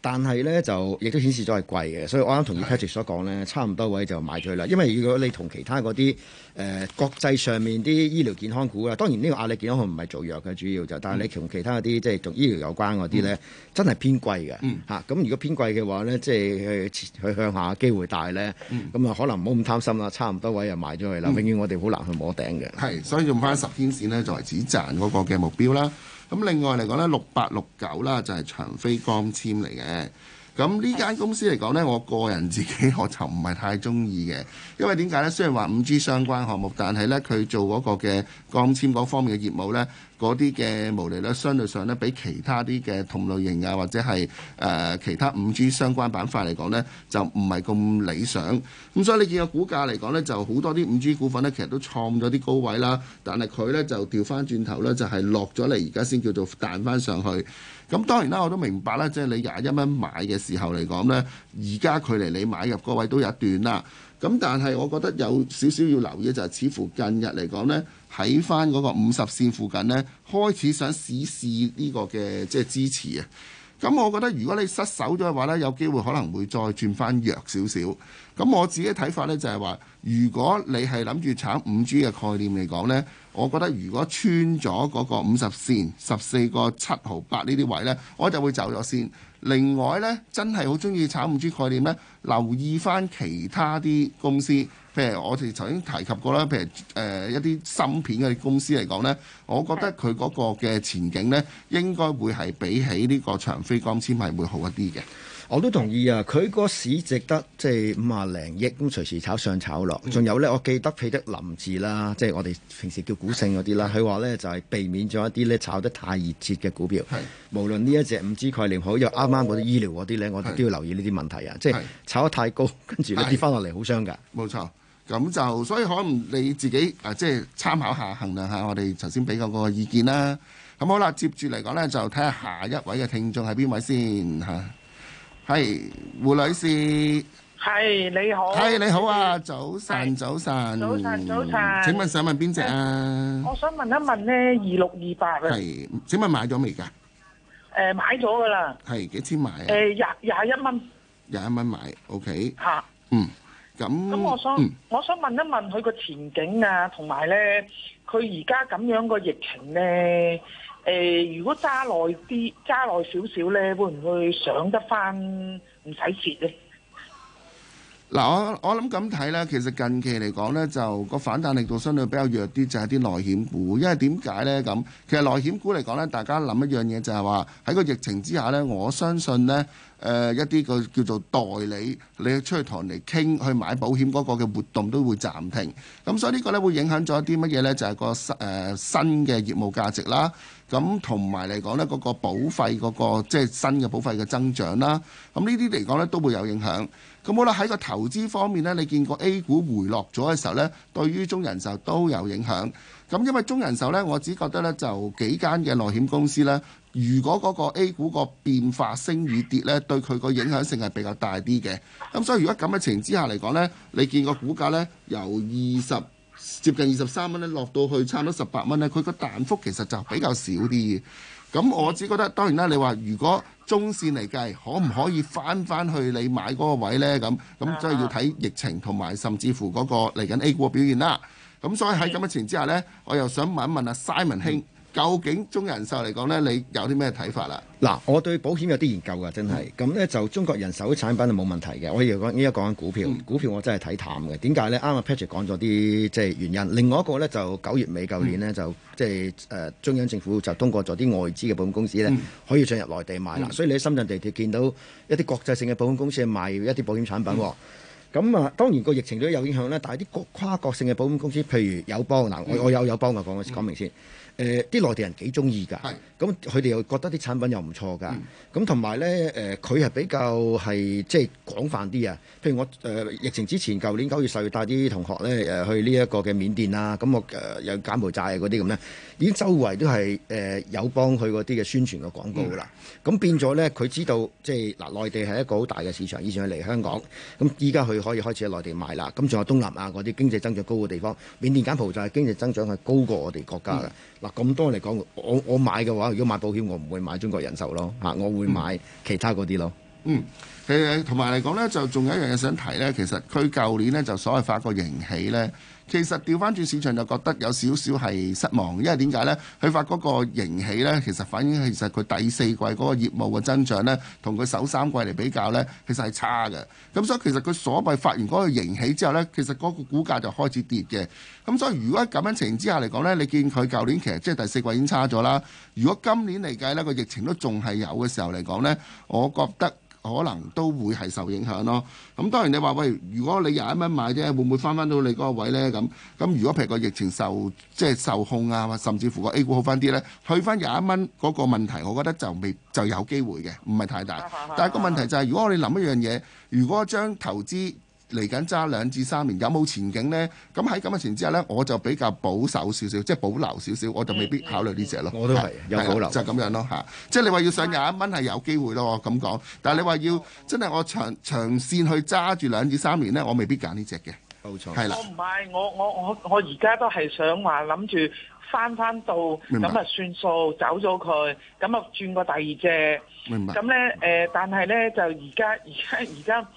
但係咧就亦都顯示咗係貴嘅，所以我啱同 Patrick 所講咧，是差唔多位就賣咗佢啦。因為如果你同其他嗰啲誒國際上面啲醫療健康股啊，當然呢個壓力健康唔係做藥嘅主要就，但係你同其他嗰啲即係同醫療有關嗰啲咧，嗯、真係偏貴嘅嚇。咁、嗯啊、如果偏貴嘅話咧，即係去佢向下機會大咧，咁啊、嗯嗯、可能唔好咁貪心啦，差唔多位就賣咗佢啦。永遠我哋好難去摸頂嘅。係、嗯，所以用翻十天線咧，作為止賺嗰個嘅目標啦。嗯咁另外嚟講咧，六八六九啦，就係長飛光纖嚟嘅。咁呢間公司嚟講呢，我個人自己我就唔係太中意嘅，因為點解呢？雖然話五 G 相關項目，但係呢，佢做嗰個嘅光纖嗰方面嘅業務呢，嗰啲嘅毛利呢，相對上呢，比其他啲嘅同類型啊，或者係誒、呃、其他五 G 相關板塊嚟講呢，就唔係咁理想。咁所以你見個股價嚟講呢，就好多啲五 G 股份呢，其實都創咗啲高位啦，但係佢呢，就掉翻轉頭呢，就係落咗嚟，而家先叫做彈翻上去。咁當然啦，我都明白啦，即係你廿一蚊買嘅時候嚟講呢，而家距離你買入嗰位都有一段啦。咁但係我覺得有少少要留意，就係似乎近日嚟講呢，喺翻嗰個五十線附近呢，開始想試試呢個嘅即係支持啊。咁我覺得如果你失守咗嘅話呢，有機會可能會再轉翻弱少少。咁我自己嘅睇法呢，就係話，如果你係諗住炒五 G 嘅概念嚟講呢，我覺得如果穿咗嗰個五十線十四個七毫八呢啲位呢，我就會走咗先。另外呢，真係好中意炒五 G 概念呢，留意翻其他啲公司，譬如我哋頭先提及過啦，譬如誒、呃、一啲芯片嘅公司嚟講呢，我覺得佢嗰個嘅前景呢，應該會係比起呢個長飛光纖係會好一啲嘅。我都同意啊！佢個市值得即係五啊零億，咁隨時炒上炒落。仲有呢，我記得彼得林治啦，即係我哋平時叫股性嗰啲啦。佢話是的 呢，就係、是、避免咗一啲呢炒得太熱切嘅股票。係是的 無論呢一隻 5G 概念好，又啱啱嗰啲醫療嗰啲呢，哦、我哋都要留意呢啲問題啊！是的 即係炒得太高，跟住你跌翻落嚟好傷噶。冇錯，咁就所以可能你自己啊，即係參考下、衡量下我哋頭先俾嗰個意見啦。咁好啦，接住嚟講呢，就睇下下一位嘅聽眾係邊位先嚇。啊係胡女士，係你好，係你好啊，早晨，早晨，早晨，早晨，請問想問邊隻啊？我想問一問咧，二六二八啊，係，請問買咗未噶？誒，買咗噶啦，係幾錢買啊？誒，廿廿一蚊，廿一蚊買，OK，吓，嗯，咁，咁我想，我想問一問佢個前景啊，同埋咧，佢而家咁樣個疫情咧。誒，如果揸耐啲，揸耐少少呢，會唔會上得翻？唔使蝕呢？嗱，我我諗咁睇呢，其實近期嚟講呢，就個反彈力度相對比較弱啲，就係啲內險股。因為點解呢？咁其實內險股嚟講呢，大家諗一樣嘢，就係話喺個疫情之下呢，我相信呢。誒、呃、一啲個叫做代理，你出去同人嚟傾去買保險嗰個嘅活動都會暫停，咁所以呢個呢，會影響咗一啲乜嘢呢？就係、是、個、呃、新新嘅業務價值啦，咁同埋嚟講呢，嗰、那個保費嗰、那個即係、就是、新嘅保費嘅增長啦，咁呢啲嚟講呢，都會有影響。咁好啦，喺個投資方面呢，你見過 A 股回落咗嘅時候呢，對於中人壽都有影響。咁因為中人壽呢，我只覺得呢，就幾間嘅內險公司呢。如果嗰個 A 股個變化升與跌呢，對佢個影響性係比較大啲嘅。咁、嗯、所以如果咁嘅情之下嚟講呢，你見個股價呢由二十接近二十三蚊呢落到去差唔多十八蚊呢佢個彈幅其實就比較少啲。咁、嗯、我只覺得當然啦，你話如果中線嚟計，可唔可以返返去你買嗰個位呢？咁咁即係要睇疫情同埋甚至乎嗰個嚟緊 A 股嘅表現啦。咁、嗯、所以喺咁嘅情之下呢，我又想問一問阿 Simon 兄。嗯究竟中人壽嚟講呢，你有啲咩睇法啦？嗱，我對保險有啲研究㗎，真係咁呢，就中國人壽嘅產品係冇問題嘅。我而家講呢一講緊股票，嗯、股票我真係睇淡嘅。點解呢？啱啱，Patrick 講咗啲即係、就是、原因。另外一個呢，就九月尾舊年呢，嗯、就即係誒中央政府就通過咗啲外資嘅保險公司呢，嗯、可以進入內地買啦。嗯、所以你喺深圳地鐵見到一啲國際性嘅保險公司係賣一啲保險產品喎、哦。咁啊、嗯，嗯、當然個疫情都有影響呢。但係啲跨國性嘅保險公司，譬如有邦嗱，我有我有友邦嘅，講講明先。嗯嗯誒啲、呃、內地人幾中意㗎，咁佢哋又覺得啲產品又唔錯㗎，咁同埋咧誒佢係比較係即係廣泛啲啊。譬如我誒、呃、疫情之前，舊年九月、十月帶啲同學咧誒去呢一個嘅緬甸啊，咁我誒有柬埔寨嗰啲咁咧，已經周圍都係誒、呃、有幫佢嗰啲嘅宣傳嘅廣告㗎啦。咁、嗯、變咗咧，佢知道即係嗱內地係一個好大嘅市場，以前佢嚟香港，咁依家佢可以開始喺內地買啦。咁仲有東南亞嗰啲經濟增長高嘅地方，緬甸、柬埔寨經濟增長係高過我哋國家嘅。嗯咁多嚟講，我我買嘅話，如果買保險，我唔會買中國人壽咯，吓我會買其他嗰啲咯嗯。嗯，誒同埋嚟講呢，就仲有一樣嘢想提呢。其實佢舊年呢，就所謂發個盈警呢。其實調翻轉市場就覺得有少少係失望，因為點解呢？佢發嗰個盈喜呢，其實反映其實佢第四季嗰個業務嘅增長呢，同佢首三季嚟比較呢，其實係差嘅。咁所以其實佢所謂發完嗰個盈喜之後呢，其實嗰個股價就開始跌嘅。咁所以如果咁樣情形之下嚟講呢，你見佢舊年其實即係第四季已經差咗啦。如果今年嚟計呢，個疫情都仲係有嘅時候嚟講呢，我覺得，可能都會係受影響咯。咁、嗯、當然你話喂，如果你廿一蚊買啫，會唔會翻翻到你嗰個位呢？咁咁如果譬如個疫情受即係受控啊，或甚至乎個 A 股好翻啲呢，去翻廿一蚊嗰個問題，我覺得就未就有機會嘅，唔係太大。 [noise] 但係個問題就係、係，如果我哋諗一樣嘢，如果將投資嚟緊揸兩至三年有冇前景呢？咁喺咁嘅前提之下呢，我就比較保守少少，即係保留少少，我就未必考慮呢隻咯。嗯嗯、我都係是有保留，嗯、就係咁樣咯嚇。即係你話要上廿一蚊係有機會咯，咁講。但係你話要真係我長長線去揸住兩至三年呢，我未必揀呢隻嘅。冇錯。係啦的。我唔係，我我我我而家都係想話諗住翻翻到咁啊算數，走咗佢，咁啊轉過第二隻。明白。咁呢、嗯，誒，但係呢，就而家而家而家。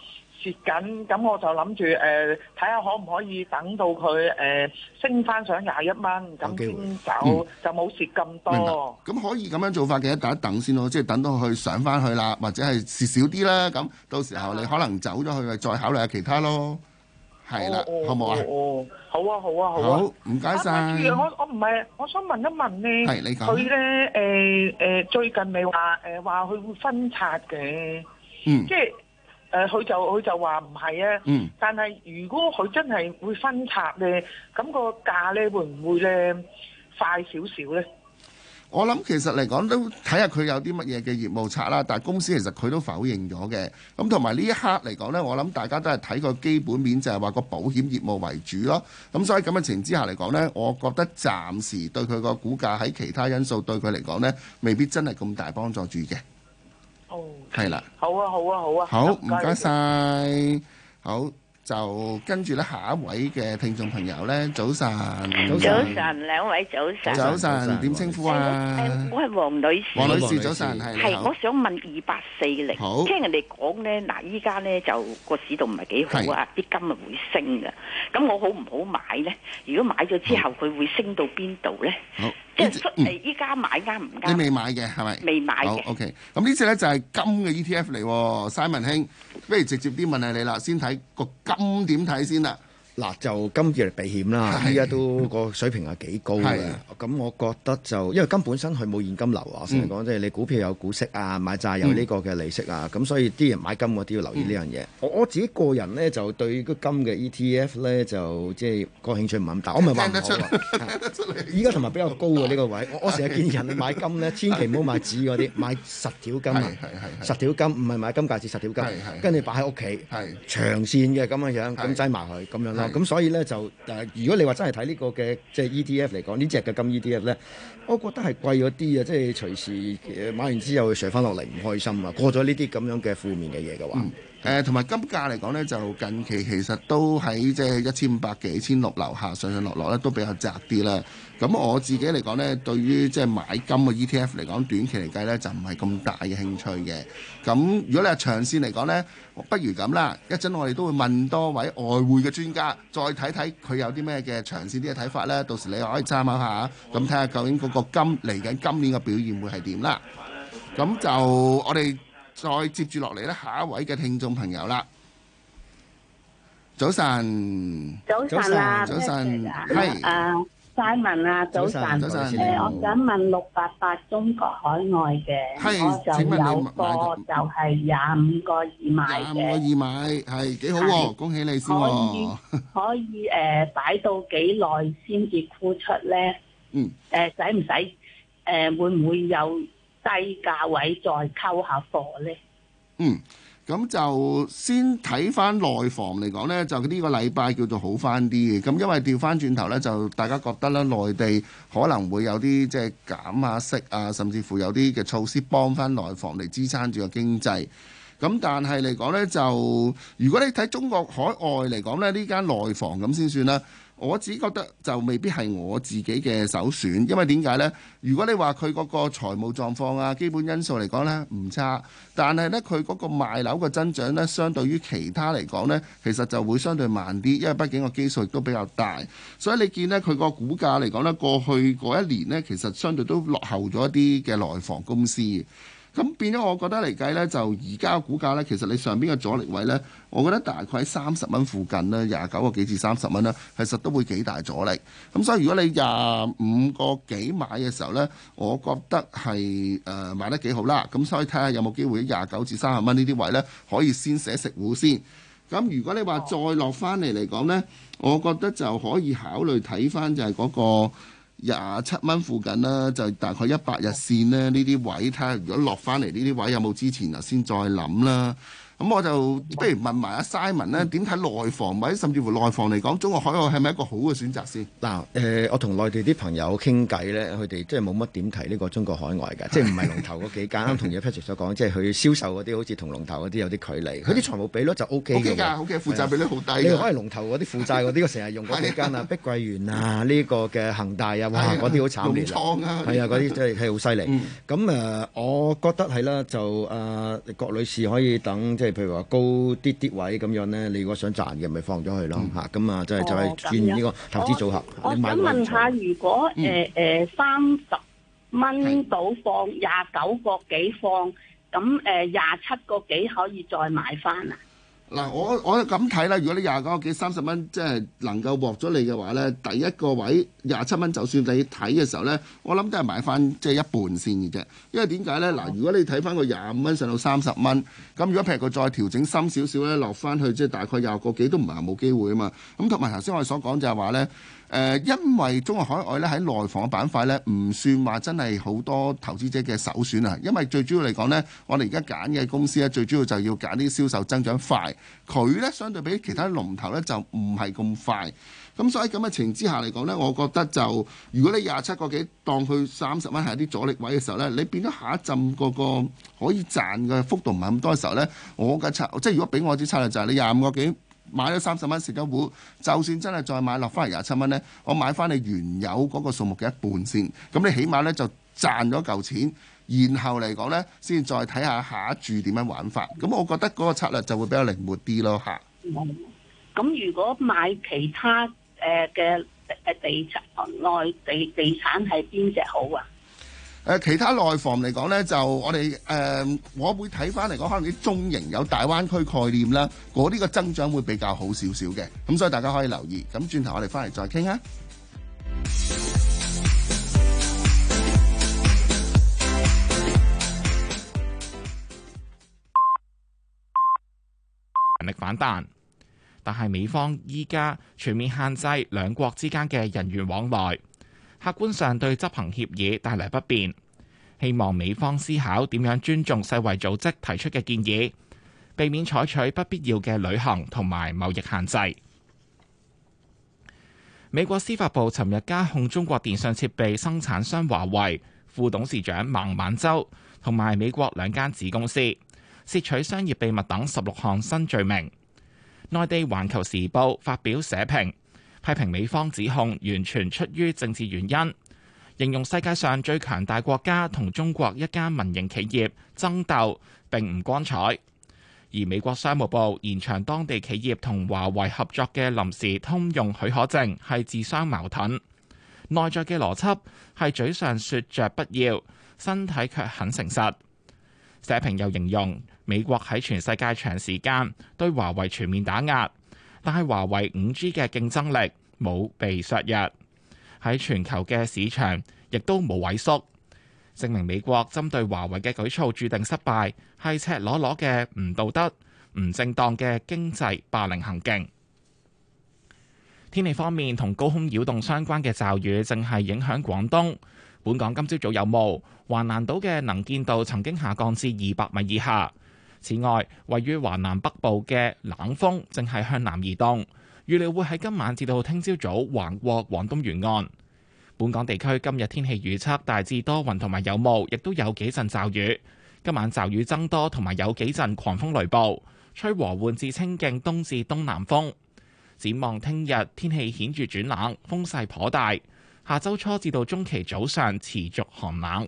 蝕緊，咁我就諗住誒睇下可唔可以等到佢誒升翻上廿一蚊，咁先走，就冇蝕咁多。明白。咁可以咁樣做法嘅，等一等先咯，即係等到佢上翻去啦，或者係蝕少啲啦。咁到時候你可能走咗去，再考慮下其他咯。係啦，好唔好啊？哦，好啊，好啊，好啊。好，唔該晒。不如我我唔係，我想問一問呢你，佢咧誒誒最近咪話誒話佢會分拆嘅，嗯，即係。誒，佢、呃、就佢就話唔係啊，嗯、但係如果佢真係會分拆咧，咁、那個價咧會唔會咧快少少咧？我諗其實嚟講都睇下佢有啲乜嘢嘅業務拆啦，但係公司其實佢都否認咗嘅。咁同埋呢一刻嚟講咧，我諗大家都係睇個基本面，就係、是、話個保險業務為主咯。咁所以咁嘅情形之下嚟講咧，我覺得暫時對佢個股價喺其他因素對佢嚟講咧，未必真係咁大幫助住嘅。哦，係啦，好啊，好啊，好啊，好，唔該晒，好，就跟住咧下一位嘅聽眾朋友咧，早晨，早晨，兩位早晨，早晨，點稱呼啊？我係黃女士，黃女士早晨，係，係，我想問二八四零，好，聽人哋講咧，嗱，依家咧就個市道唔係幾好啊，啲金啊會升㗎，咁我好唔好買咧？如果買咗之後，佢會升到邊度咧？即係出嚟依家買啱唔啱？嗯、合合你未買嘅係咪？未買嘅。好 OK。咁呢隻咧就係金嘅 ETF 嚟，Simon 兄，不如直接啲問下你啦，先睇個金點睇先啦。嗱，就金嘅避險啦，依家都個水平係幾高嘅。咁我覺得就因為金本身佢冇現金流啊，先講即係你股票有股息啊，買債有呢個嘅利息啊，咁所以啲人買金嗰啲要留意呢樣嘢。我自己個人咧就對個金嘅 ETF 咧就即係個興趣唔係咁大，我咪話唔好。依家同埋比較高喎呢個位，我成日見人買金咧，千祈唔好買紙嗰啲，買實條金嚟，實條金唔係買金戒指，實條金，跟住擺喺屋企，長線嘅咁嘅樣，咁擠埋佢咁樣咯。咁所以咧就，但係如果你話真係睇呢個嘅即係 ETF 嚟講呢隻嘅金 ETF 咧，我覺得係貴咗啲啊！即係隨時買完之後會錘翻落嚟唔開心啊！過咗呢啲咁樣嘅負面嘅嘢嘅話，誒同埋金價嚟講咧，就近期其實都喺即係一千五百幾千六樓下上上落落咧，都比較窄啲啦。咁我自己嚟講呢，對於即係買金嘅 ETF 嚟講，短期嚟計呢就唔係咁大嘅興趣嘅。咁如果你係長線嚟講呢，不如咁啦。一陣我哋都會問多位外匯嘅專家，再睇睇佢有啲咩嘅長線啲嘅睇法呢。到時你又可以參考下，咁睇下究竟嗰個金嚟緊今年嘅表現會係點啦。咁就我哋再接住落嚟呢，下一位嘅聽眾朋友啦，早晨，早晨啊，早晨，係誒。市民啊，早晨，誒，我想問六八八中國海外嘅就有個就係廿五個二買嘅，廿五個二買，係幾好喎？恭喜你先喎！可以可以誒，擺到幾耐先至沽出咧？嗯，誒，使唔使誒？會唔會有低價位再溝下貨咧？嗯。咁就先睇翻內房嚟講呢，就呢個禮拜叫做好翻啲嘅。咁因為調翻轉頭呢，就大家覺得呢，內地可能會有啲即係減下息啊，甚至乎有啲嘅措施幫翻內房嚟支撐住個經濟。咁但係嚟講呢，就如果你睇中國海外嚟講呢，呢間內房咁先算啦。我自己覺得就未必係我自己嘅首選，因為點解呢？如果你話佢嗰個財務狀況啊、基本因素嚟講呢，唔差，但係呢，佢嗰個賣樓嘅增長呢，相對於其他嚟講呢，其實就會相對慢啲，因為畢竟個基數亦都比較大，所以你見呢，佢個股價嚟講呢，過去嗰一年呢，其實相對都落後咗一啲嘅內房公司。咁變咗，我覺得嚟計呢，就而家個股價呢，其實你上邊嘅阻力位呢，我覺得大概喺三十蚊附近啦，廿九個幾至三十蚊啦，其實都會幾大阻力。咁所以如果你廿五個幾買嘅時候呢，我覺得係誒、呃、買得幾好啦。咁所以睇下有冇機會廿九至三十蚊呢啲位呢，可以先寫食糊先。咁如果你話再落翻嚟嚟講呢，我覺得就可以考慮睇翻就係嗰、那個。廿七蚊附近啦，就大概一百日線呢。呢啲位睇下，看看如果落翻嚟呢啲位有冇支持啊，先再諗啦。咁我就不如問埋阿 Simon 咧，點睇內房，或者甚至乎內房嚟講，中國海外係咪一個好嘅選擇先？嗱，誒，我同內地啲朋友傾偈咧，佢哋即係冇乜點提呢個中國海外㗎，即係唔係龍頭嗰幾間？同樣 Patrick 所講，即係佢銷售嗰啲好似同龍頭嗰啲有啲距離，佢啲財務比率就 OK。OK 㗎，OK，負債比率好低。可講係龍頭嗰啲負債嗰啲，成日用嗰幾間啊，碧桂園啊，呢個嘅恒大啊，哇，嗰啲好慘㗎。啊，係啊，嗰啲真係係好犀利。咁誒，我覺得係啦，就阿郭女士可以等即係。譬如話高啲啲位咁樣咧，你如果你想賺嘅，咪放咗佢咯嚇。咁啊，就係、嗯嗯、就係、就係、轉呢個投資組合。嗯、我，我想問下，如果誒誒、呃、三十蚊到放廿九個幾放，咁誒廿七個幾可以再買翻啊？嗱，我我咁睇啦，如果你廿九個幾三十蚊，即係能夠獲咗你嘅話呢，第一個位廿七蚊，就算你睇嘅時候呢，我諗都係買翻即係一半先嘅啫。因為點解呢？嗱，如果你睇翻個廿五蚊上到三十蚊，咁如果譬如佢再調整深少少呢，落翻去即係大概廿個幾都唔係冇機會啊嘛。咁同埋頭先我哋所講就係話呢。誒、呃，因為中國海外咧喺內房嘅板塊咧，唔算話真係好多投資者嘅首選啊。因為最主要嚟講呢，我哋而家揀嘅公司咧，最主要就要揀啲銷售增長快，佢呢相對比其他龍頭呢就唔係咁快。咁所以喺咁嘅情之下嚟講呢，我覺得就如果你廿七個幾當佢三十蚊係一啲阻力位嘅時候呢，你變咗下一陣嗰個可以賺嘅幅度唔係咁多嘅時候呢，我嘅策即係如果俾我支策略就，就係你廿五個幾。買咗三十蚊食咗糊，就算真係再買落翻嚟廿七蚊呢，我買翻你原有嗰個數目嘅一半先，咁你起碼呢就賺咗嚿錢，然後嚟講呢，先再睇下下一注點樣玩法，咁我覺得嗰個策略就會比較靈活啲咯嚇。咁、嗯、如果買其他誒嘅誒地產內地地產係邊隻好啊？誒其他內房嚟講咧，就我哋誒、呃，我會睇翻嚟講，可能啲中型有大灣區概念啦，嗰啲個增長會比較好少少嘅，咁所以大家可以留意。咁轉頭我哋翻嚟再傾啊！人力反彈，但係美方依家全面限制兩國之間嘅人員往來。客觀上對執行協議帶嚟不便，希望美方思考點樣尊重世衛組織提出嘅建議，避免採取不必要嘅旅行同埋貿易限制。美國司法部尋日加控中國電信設備生產商華為副董事長孟晚舟同埋美國兩間子公司，竊取商業祕密等十六項新罪名。內地環球時報發表社評。批評美方指控完全出於政治原因，形容世界上最強大國家同中國一間民營企業爭鬥並唔光彩。而美國商務部延長當地企業同華為合作嘅臨時通用許可證係自相矛盾，內在嘅邏輯係嘴上説着不要，身體卻很誠實。社評又形容美國喺全世界長時間對華為全面打壓。但係華為五 G 嘅競爭力冇被削弱，喺全球嘅市場亦都冇萎縮，證明美國針對華為嘅舉措注定失敗，係赤裸裸嘅唔道德、唔正當嘅經濟霸凌行徑。天氣方面，同高空擾動相關嘅驟雨正係影響廣東。本港今朝早有霧，橫瀾島嘅能見度曾經下降至二百米以下。此外，位於華南北部嘅冷風正係向南移動，預料會喺今晚至到聽朝早橫過廣東沿岸。本港地區今日天氣預測，大致多雲同埋有霧，亦都有幾陣驟雨。今晚驟雨增多同埋有幾陣狂風雷暴，吹和緩至清勁東至東南風。展望聽日天氣顯著轉冷，風勢頗大。下周初至到中期早上持續寒冷。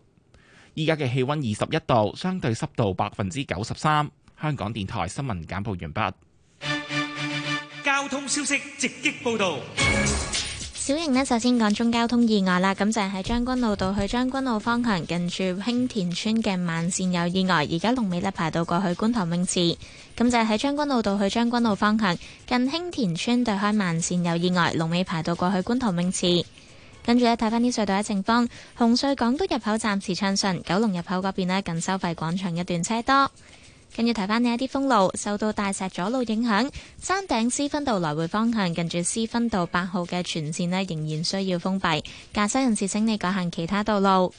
依家嘅氣温二十一度，相對濕度百分之九十三。香港電台新聞簡報完畢。交通消息直擊報道。小瑩呢，首先講中交通意外啦。咁就係喺將軍澳道去將軍澳方向，近住興田村嘅慢線有意外，而家龍尾呢，排到過去觀塘泳池。咁就係喺將軍澳道去將軍澳方向，近興田村對開慢線有意外，龍尾排到過去觀塘泳池。跟住咧，睇翻啲隧道嘅情況，紅隧港島入口暫時暢順，九龍入口嗰邊咧，近收費廣場一段車多。跟住睇翻呢一啲封路，受到大石阻路影響，山頂施勳道來回方向近住施勳道八號嘅全線咧，仍然需要封閉，駕駛人士請你改行其他道路。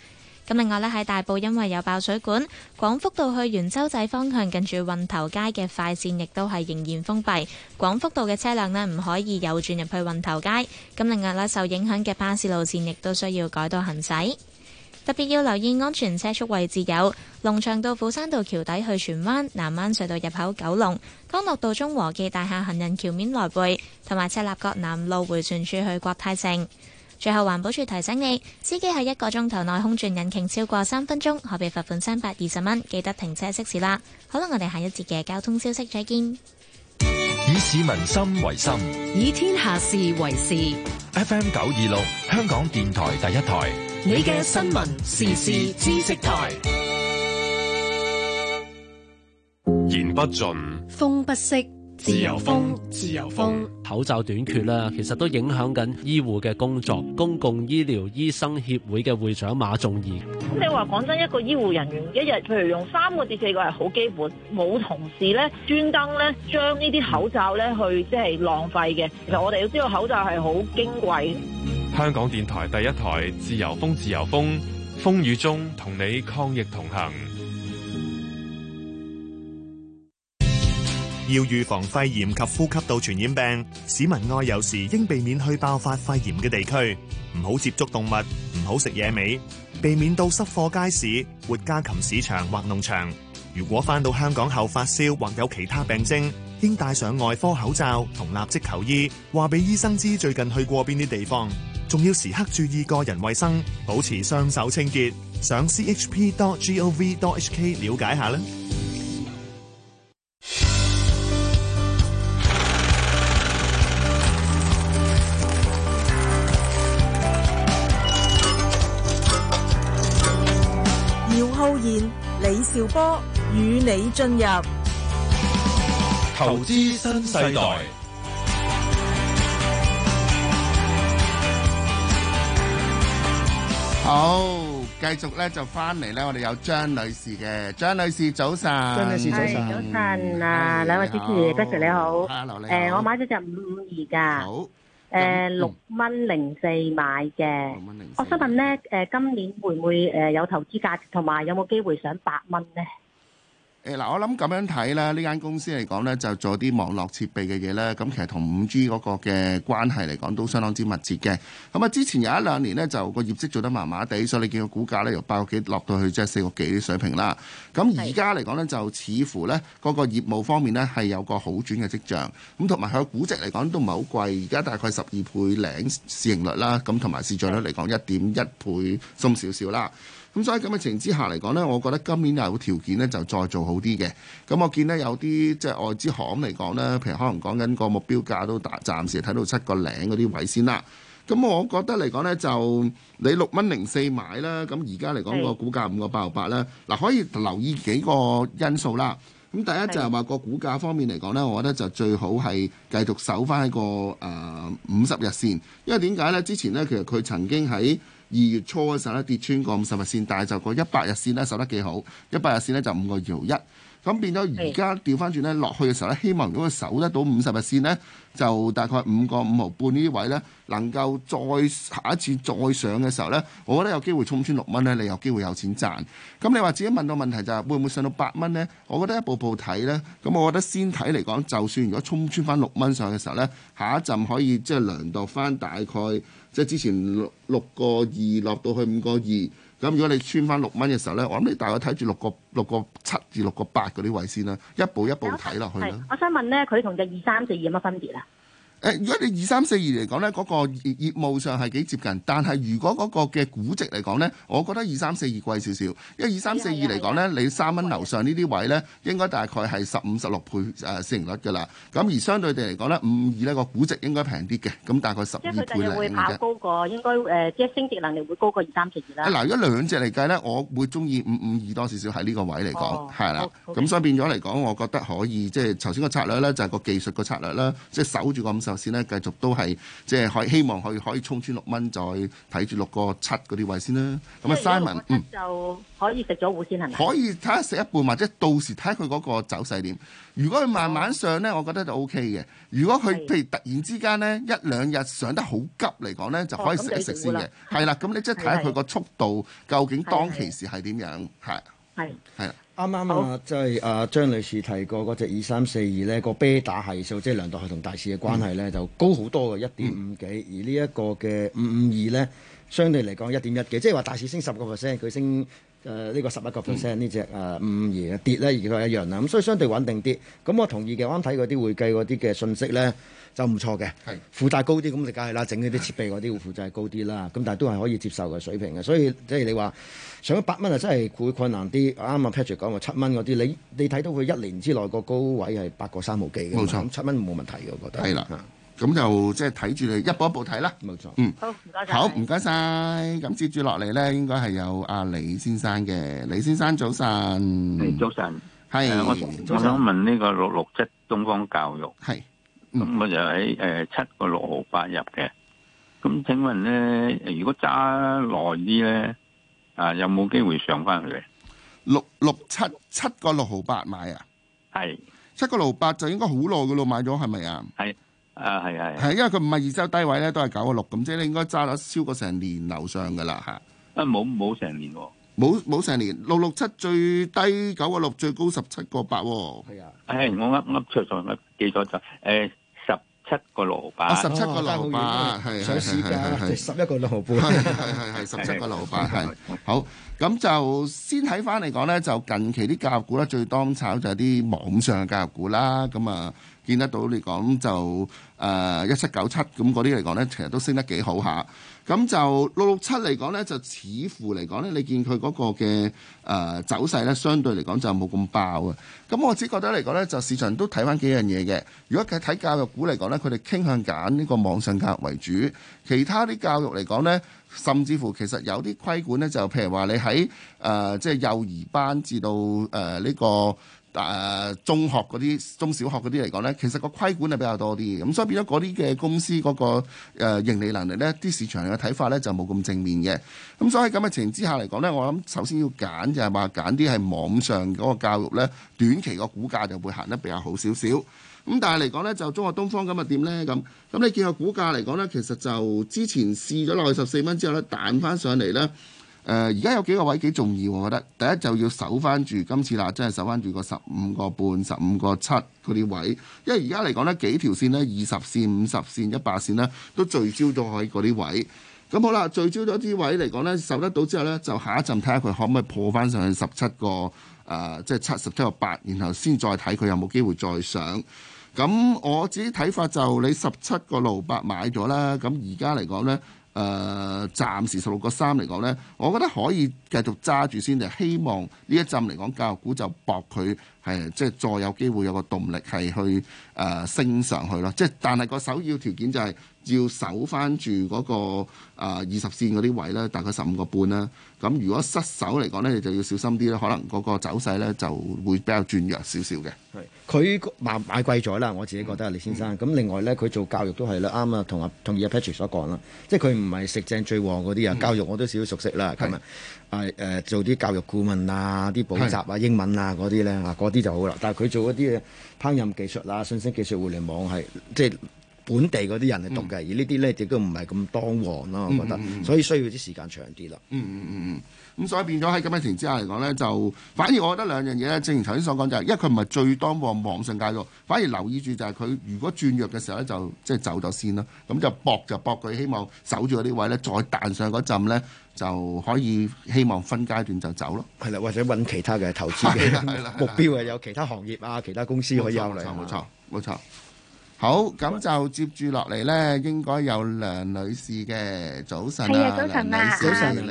咁另外呢，喺大埔，因為有爆水管，廣福道去元洲仔方向近住運頭街嘅快線亦都係仍然封閉，廣福道嘅車輛呢唔可以右轉入去運頭街。咁另外呢受影響嘅巴士路線亦都需要改道行駛，特別要留意安全車速位置有：農場道、斧山道橋底去荃灣南灣隧道入口、九龍江樂道中和記大廈行人橋面來回，同埋赤鱲角南路回旋處去國泰城。最後環保處提醒你，司機喺一個鐘頭內空轉引擎超過三分鐘，可被罰款三百二十蚊。記得停車熄匙啦。好啦，我哋下一節嘅交通消息再見。以市民心為心，以天下事為事。FM 九二六，香港電台第一台，你嘅新聞時事知識台，言不盡，風不息。自由風，自由風。口罩短缺啦，其實都影響緊醫護嘅工作。公共醫療醫生協會嘅會長馬仲義，咁、嗯、你話講真，一個醫護人員一日，譬如用三個至四個係好基本，冇同事咧專登咧將呢啲口罩咧去即係、就是、浪費嘅。其實我哋都知道口罩係好矜貴。香港電台第一台，自由風，自由風。風雨中同你抗疫同行。要預防肺炎及呼吸道傳染病，市民外遊時應避免去爆發肺炎嘅地區，唔好接觸動物，唔好食野味，避免到濕貨街市、活家禽市場或農場。如果翻到香港後發燒或有其他病徵，應戴上外科口罩同立即求醫，話俾醫生知最近去過邊啲地方。仲要時刻注意個人衛生，保持雙手清潔。上 chp.gov.hk 了解下啦。李兆波與你進入投資新世代。好，繼續咧就翻嚟咧，我哋有張女士嘅。張女士早晨，張女士早晨。早晨啊，兩位主持人，主持人你好。誒，我買咗隻五五二噶，好。誒六蚊零四買嘅，買我想問咧，誒、呃、今年會唔會誒、呃、有投資價值，同埋有冇機會上八蚊咧？誒嗱，我諗咁樣睇咧，呢間公司嚟講呢就做啲網絡設備嘅嘢呢。咁其實同五 G 嗰個嘅關係嚟講都相當之密切嘅。咁啊，之前有一兩年呢，就個業績做得麻麻地，所以你見個股價呢，由八個幾落到去即係四個幾水平啦。咁而家嚟講呢，就似乎呢嗰個業務方面呢，係有個好轉嘅跡象。咁同埋佢個估值嚟講都唔係好貴，而家大概十二倍零市盈率啦。咁同埋市淨率嚟講一點一倍鬆少少啦。咁、嗯、所以咁嘅情之下嚟講呢，我覺得今年有條件呢，就再做好啲嘅。咁、嗯、我見呢，有啲即係外資行嚟講呢，譬如可能講緊個目標價都暫時睇到七個零嗰啲位先啦。咁、嗯、我覺得嚟講呢，就你六蚊零四買啦。咁而家嚟講個股價五個八毫八啦。嗱、嗯，可以留意幾個因素啦。咁、嗯、第一就係話個股價方面嚟講呢，我覺得就最好係繼續守翻一個誒五十日線，因為點解呢？之前呢，其實佢曾經喺二月初嘅時候咧跌穿個五十日線，但係就個一百日線咧守得幾好。一百日線咧就五個毫一，咁變咗而家調翻轉咧落去嘅時候咧，希望如果佢守得到五十日線咧，就大概五個五毫半呢啲位咧，能夠再下一次再上嘅時候咧，我覺得有機會衝穿六蚊咧，你有機會有錢賺。咁你話自己問到問題就係會唔會上到八蚊咧？我覺得一步步睇咧，咁我覺得先睇嚟講，就算如果衝穿翻六蚊上嘅時候咧，下一陣可以即係量度翻大概。即係之前六六個二落到去五個二，咁如果你穿返六蚊嘅時候咧，我諗你大概睇住六個六個七至六個八嗰啲位先啦，一步一步睇落去啦。係，我想問咧，佢同隻二三四二有乜分別啊？誒，如果你二三四二嚟講咧，嗰、那個業務上係幾接近，但係如果嗰個嘅估值嚟講咧，我覺得二三四二貴少少，因為二三四二嚟講咧，是是是是你三蚊樓上呢啲位咧，應該大概係十五十六倍誒、呃、市盈率㗎啦。咁而相對地嚟講咧，五五二呢個估值應該平啲嘅，咁、嗯、大概十二倍嚟嘅即係佢哋又會跑高過，應該誒、呃，即係升值能力會高過二三四二啦。嗱，如果兩隻嚟計咧，我會中意五五二多少少喺呢個位嚟講，係啦。咁所以變咗嚟講，我覺得可以，即係頭先個策略咧，就係、是、個技術個策略啦，即係守住個五十。先咧，繼續都係即係可以希望可以可以衝穿六蚊，再睇住六個七嗰啲位先啦。咁啊，Simon，就可以食咗糊先係咪？可以睇下食一半，或者到時睇下佢嗰個走勢點。如果佢慢慢上咧，哦、我覺得就 O K 嘅。如果佢的譬如突然之間咧一兩日上得好急嚟講咧，就可以食、哦、一食先嘅。係啦，咁你即係睇下佢個速度的究竟當其時係點樣？係係係。的啱啱啊，即係阿張女士提過嗰隻二三四二呢，個 beta 係數即係量度同大市嘅關係呢，就高好多嘅一點五幾， [noise] 而呢一個嘅五五二呢，相對嚟講一點一幾，即係話大市升十個 percent，佢升。誒、呃這個呃、呢個十一個 percent 呢只五唔而跌咧而佢一樣啦，咁所以相對穩定啲。咁我同意嘅。啱睇嗰啲會計嗰啲嘅信息咧就唔錯嘅。係是負債高啲，咁就梗係啦。整嗰啲設備嗰啲會負債高啲啦。咁但係都係可以接受嘅水平嘅。所以即係你話上咗八蚊啊，真係會困難啲。啱阿 Patrick 講話七蚊嗰啲，你你睇到佢一年之內個高位係八個三毫幾，冇錯，七蚊冇問題嘅，我覺得係啦。的咁就即係睇住你一步一步睇啦。冇錯錯，嗯。好，唔該晒。好，唔該晒。咁接住落嚟咧，應該係有阿李先生嘅。李先生早晨，早晨。係安是、呃，我安我想問呢個六六七東方教育。係。咁、嗯、我就喺誒七個六毫八入嘅。咁請問咧，如果揸耐啲咧，啊有冇機會上翻去咧？六六七七個六毫八買啊？係是。七個六毫八就應該好耐嘅咯，買咗係咪啊？係。啊，係啊，係，係，因為佢唔係二周低位咧，都係九個六咁，即係應該揸得超過成年樓上噶啦吓，啊冇冇成年，冇冇成年，六六七最低九個六，最高十七個八，係啊，誒，我啱啱出咗，記錯咗，誒，十七個羅板，十七個羅板，係，上市價即係十一個六毫半，係係係，十七個羅板，係，好，咁就先睇翻嚟講咧，就近期啲教育股咧，最當炒就係啲網上嘅教育股啦，咁啊。見得到你講就誒一七九七咁嗰啲嚟講呢，其實都升得幾好下。咁就六六七嚟講呢，就似乎嚟講呢，你見佢嗰個嘅誒、呃、走勢呢，相對嚟講就冇咁爆啊。咁我只覺得嚟講呢，就市場都睇翻幾樣嘢嘅。如果佢睇教育股嚟講呢，佢哋傾向揀呢個網上教育為主。其他啲教育嚟講呢，甚至乎其實有啲規管呢，就譬如話你喺誒即係幼兒班至到誒呢、呃這個。誒、呃、中學嗰啲中小學嗰啲嚟講呢，其實個規管係比較多啲咁、嗯、所以變咗嗰啲嘅公司嗰、那個、呃、盈利能力呢，啲市場嘅睇法呢，就冇咁正面嘅。咁、嗯、所以喺咁嘅情形之下嚟講呢，我諗首先要揀就係話揀啲係網上嗰個教育呢，短期個股價就會行得比較好少少。咁、嗯、但係嚟講呢，就中國東方咁又點呢？咁？咁你見個股價嚟講呢，其實就之前試咗落去十四蚊之後呢，彈翻上嚟呢，誒而家有幾個位幾重要，我覺得第一就要守翻住今次啦，即係守翻住個十五個半、十五個七嗰啲位，因為而家嚟講，呢幾條線呢，二十線、五十線、一百線呢，都聚焦到喺嗰啲位。咁、嗯、好啦，聚焦咗啲位嚟講呢，守得到之後呢，就下一陣睇下佢可唔可以破翻上去十七個誒，即係七十七個八，就是、7, 8, 然後先再睇佢有冇機會再上。咁、嗯、我自己睇法就你十七個六百買咗啦，咁而家嚟講呢。誒、呃，暫時十六個三嚟講咧，我覺得可以繼續揸住先，就希望呢一陣嚟講，教育股就搏佢係即係再有機會有個動力係去誒、呃、升上去咯。即係但係個首要條件就係、是。要守翻住嗰個啊二十線嗰啲位咧，大概十五個半啦。咁如果失守嚟講咧，你就要小心啲啦。可能嗰個走勢咧就會比較轉弱少少嘅。係佢買買貴咗啦，我自己覺得啊，李先生。咁另外咧，佢做教育都係啦，啱啊，同阿同阿 Patrick 所講啦，即係佢唔係食正最旺嗰啲啊。教育我都少少熟悉啦，咁啊誒做啲教育顧問啊，啲補習啊、英文啊嗰啲咧啊，嗰啲就好啦。但係佢做嗰啲烹飪技術啊、信息技術、互聯網係即係。本地嗰啲人係讀嘅，而呢啲咧亦都唔係咁當旺咯，嗯嗯嗯我覺得，所以需要啲時間長啲咯。嗯嗯嗯嗯，咁所以變咗喺咁樣情之下嚟講咧，就反而我覺得兩樣嘢咧，正如頭先所講，就係因為佢唔係最當旺網上界度，反而留意住就係佢如果轉弱嘅時候咧，就即係走咗先啦。咁就搏就搏佢，希望守住嗰啲位咧，再彈上嗰陣咧，就可以希望分階段就走咯。係啦，或者揾其他嘅投資目標啊，有其他行業啊，其他公司可以有嚟。冇錯，冇錯，冇錯。好，咁就接住落嚟呢，應該有梁女士嘅早晨啊，早晨啊梁女士，早晨的，梁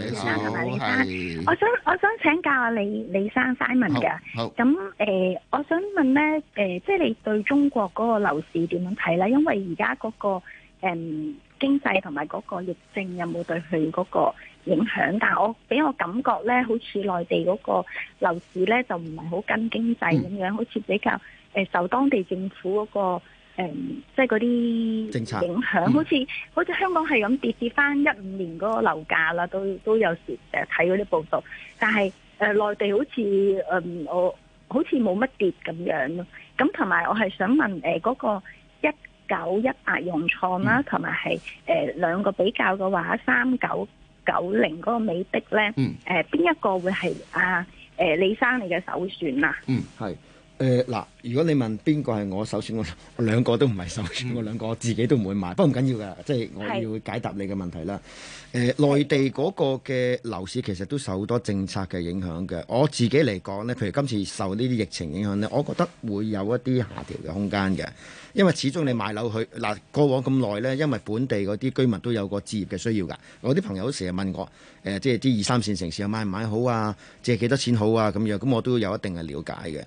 女士，的我想我想請教下你，李生 Simon 嘅。好。咁誒、呃，我想問呢，誒、呃，即係你對中國嗰個樓市點樣睇呢？因為而家嗰個誒、嗯、經濟同埋嗰個疫症有冇對佢嗰個影響？但係我俾我感覺呢，好似內地嗰個樓市呢，就唔係好跟經濟咁樣，嗯、好似比較誒、呃、受當地政府嗰、嗰個。誒、嗯，即係嗰啲政策影響，好似好似香港係咁跌跌翻一五年嗰個樓價啦，都都有時誒睇嗰啲報道。但係誒、呃、內地好似誒、呃、我好似冇乜跌咁樣咯。咁同埋我係想問誒嗰、呃那個一九一八融創啦，同埋係誒兩個比較嘅話，三九九零嗰個美的咧，誒邊、嗯呃、一個會係啊？誒、呃、李生你嘅首選啊？嗯，係。誒嗱，如果你問邊個係我首選，我兩個都唔係首選，我兩個我自己都唔會買。不過唔緊要嘅，即係我要解答你嘅問題啦。誒，內地嗰個嘅樓市其實都受好多政策嘅影響嘅。我自己嚟講呢，譬如今次受呢啲疫情影響呢，我覺得會有一啲下調嘅空間嘅。因為始終你買樓去嗱過往咁耐呢，因為本地嗰啲居民都有個置業嘅需要㗎。我啲朋友都成日問我，誒即係啲二三線城市買唔買好啊？借幾多錢好啊？咁樣咁我都有一定嘅了解嘅。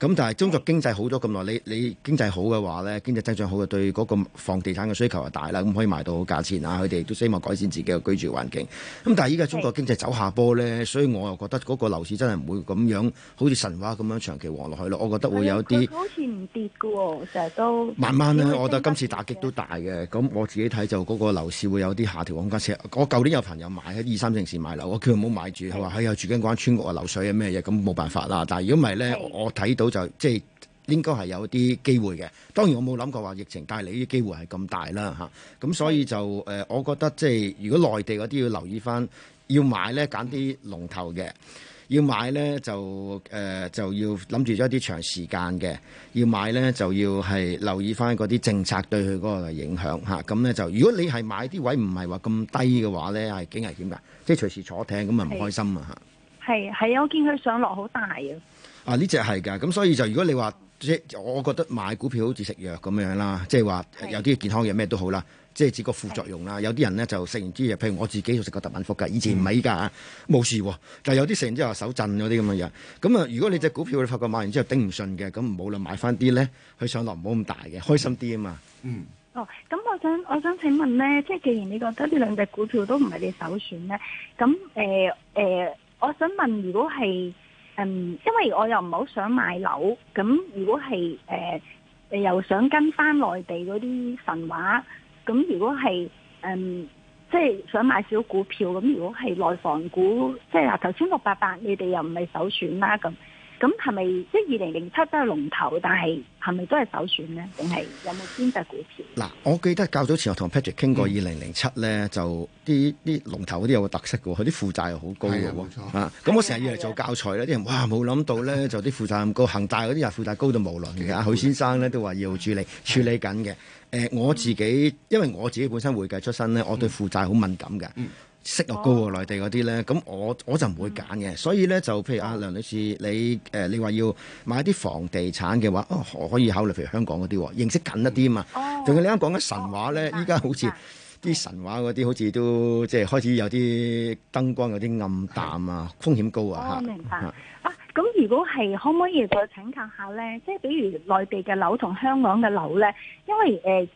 咁但係中國經濟好咗咁耐，你你經濟好嘅話呢，經濟增長好嘅，對嗰個房地產嘅需求啊大啦，咁、嗯、可以賣到好價錢啊。佢哋都希望改善自己嘅居住環境。咁、嗯、但係依家中國經濟走下坡呢，所以我又覺得嗰個樓市真係唔會咁樣好似神話咁樣長期旺落去咯。我覺得會有啲好似唔跌嘅成日都。慢慢啦，我覺得今次打擊都大嘅。咁、嗯、我自己睇就嗰個樓市會有啲下調空間。我我舊年有朋友買喺二三城市買樓，我叫佢唔好買、哎呃、住，佢話，喺啊住緊間村屋啊漏水啊咩嘢，咁冇辦法啦。但係如果唔係咧，我睇到就即係應該係有啲機會嘅。當然我冇諗過話疫情帶嚟啲機會係咁大啦嚇。咁、啊、所以就誒、呃，我覺得即係如果內地嗰啲要留意翻，要買咧揀啲龍頭嘅。要買咧就誒、呃、就要諗住咗一啲長時間嘅。要買咧就要係留意翻嗰啲政策對佢嗰個影響嚇，咁咧就如果你係買啲位唔係話咁低嘅話咧係幾危險㗎，即係隨時坐艇咁咪唔開心啊嚇。係係啊，我見佢上落好大啊！啊呢隻係㗎，咁所以就如果你話即我覺得買股票好似食藥咁樣啦，即係話有啲健康嘢咩都好啦。即係自個副作用啦。有啲人咧就食完之後，譬如我自己就食個特敏福㗎，以前唔係㗎，冇事。但係有啲食完之後手震嗰啲咁嘅樣。咁啊，如果你隻股票你發覺買完之後頂唔順嘅，咁唔好啦，買翻啲咧，佢上落唔好咁大嘅，開心啲啊嘛。嗯。哦，咁我想我想請問咧，即係既然你覺得呢兩隻股票都唔係你首選咧，咁誒誒，我想問如果係嗯，因為我又唔係好想買樓，咁如果係誒誒又想跟翻內地嗰啲神話。咁如果係，嗯，即係想買小股票，咁如果係內房股，即係啊，頭先六八八，你哋又唔係首選啦。咁，咁係咪即係二零零七都係龍頭，但係係咪都係首選呢？定係有冇兼得股票？嗱，我記得較早前我同 Patrick 傾過二零零七咧，嗯、2007, 就啲啲龍頭嗰啲有個特色嘅，佢啲負債又好高嘅喎。啊、嗯，咁、嗯、我成日以嚟做教材咧，啲人哇冇諗到咧，就啲負債咁高，恒大嗰啲又負債高到無倫嘅。阿許、嗯、先生咧都話要處理，處理緊嘅。誒、呃、我自己，因為我自己本身會計出身咧，我對負債好敏感嘅，嗯、息又高喎，內地嗰啲咧，咁、嗯、我我就唔會揀嘅。嗯、所以咧，就譬如阿梁女士，你誒、呃、你話要買啲房地產嘅話，哦，可以考慮，譬如香港嗰啲，認識近一啲啊嘛。同、哦、你啱講緊神話咧，依家、哦、好似啲白神話嗰啲，好似都即係開始有啲燈光有啲暗淡啊，是風險高啊嚇。咁如果係可唔可以再請教下呢？即係比如內地嘅樓同香港嘅樓呢？因為誒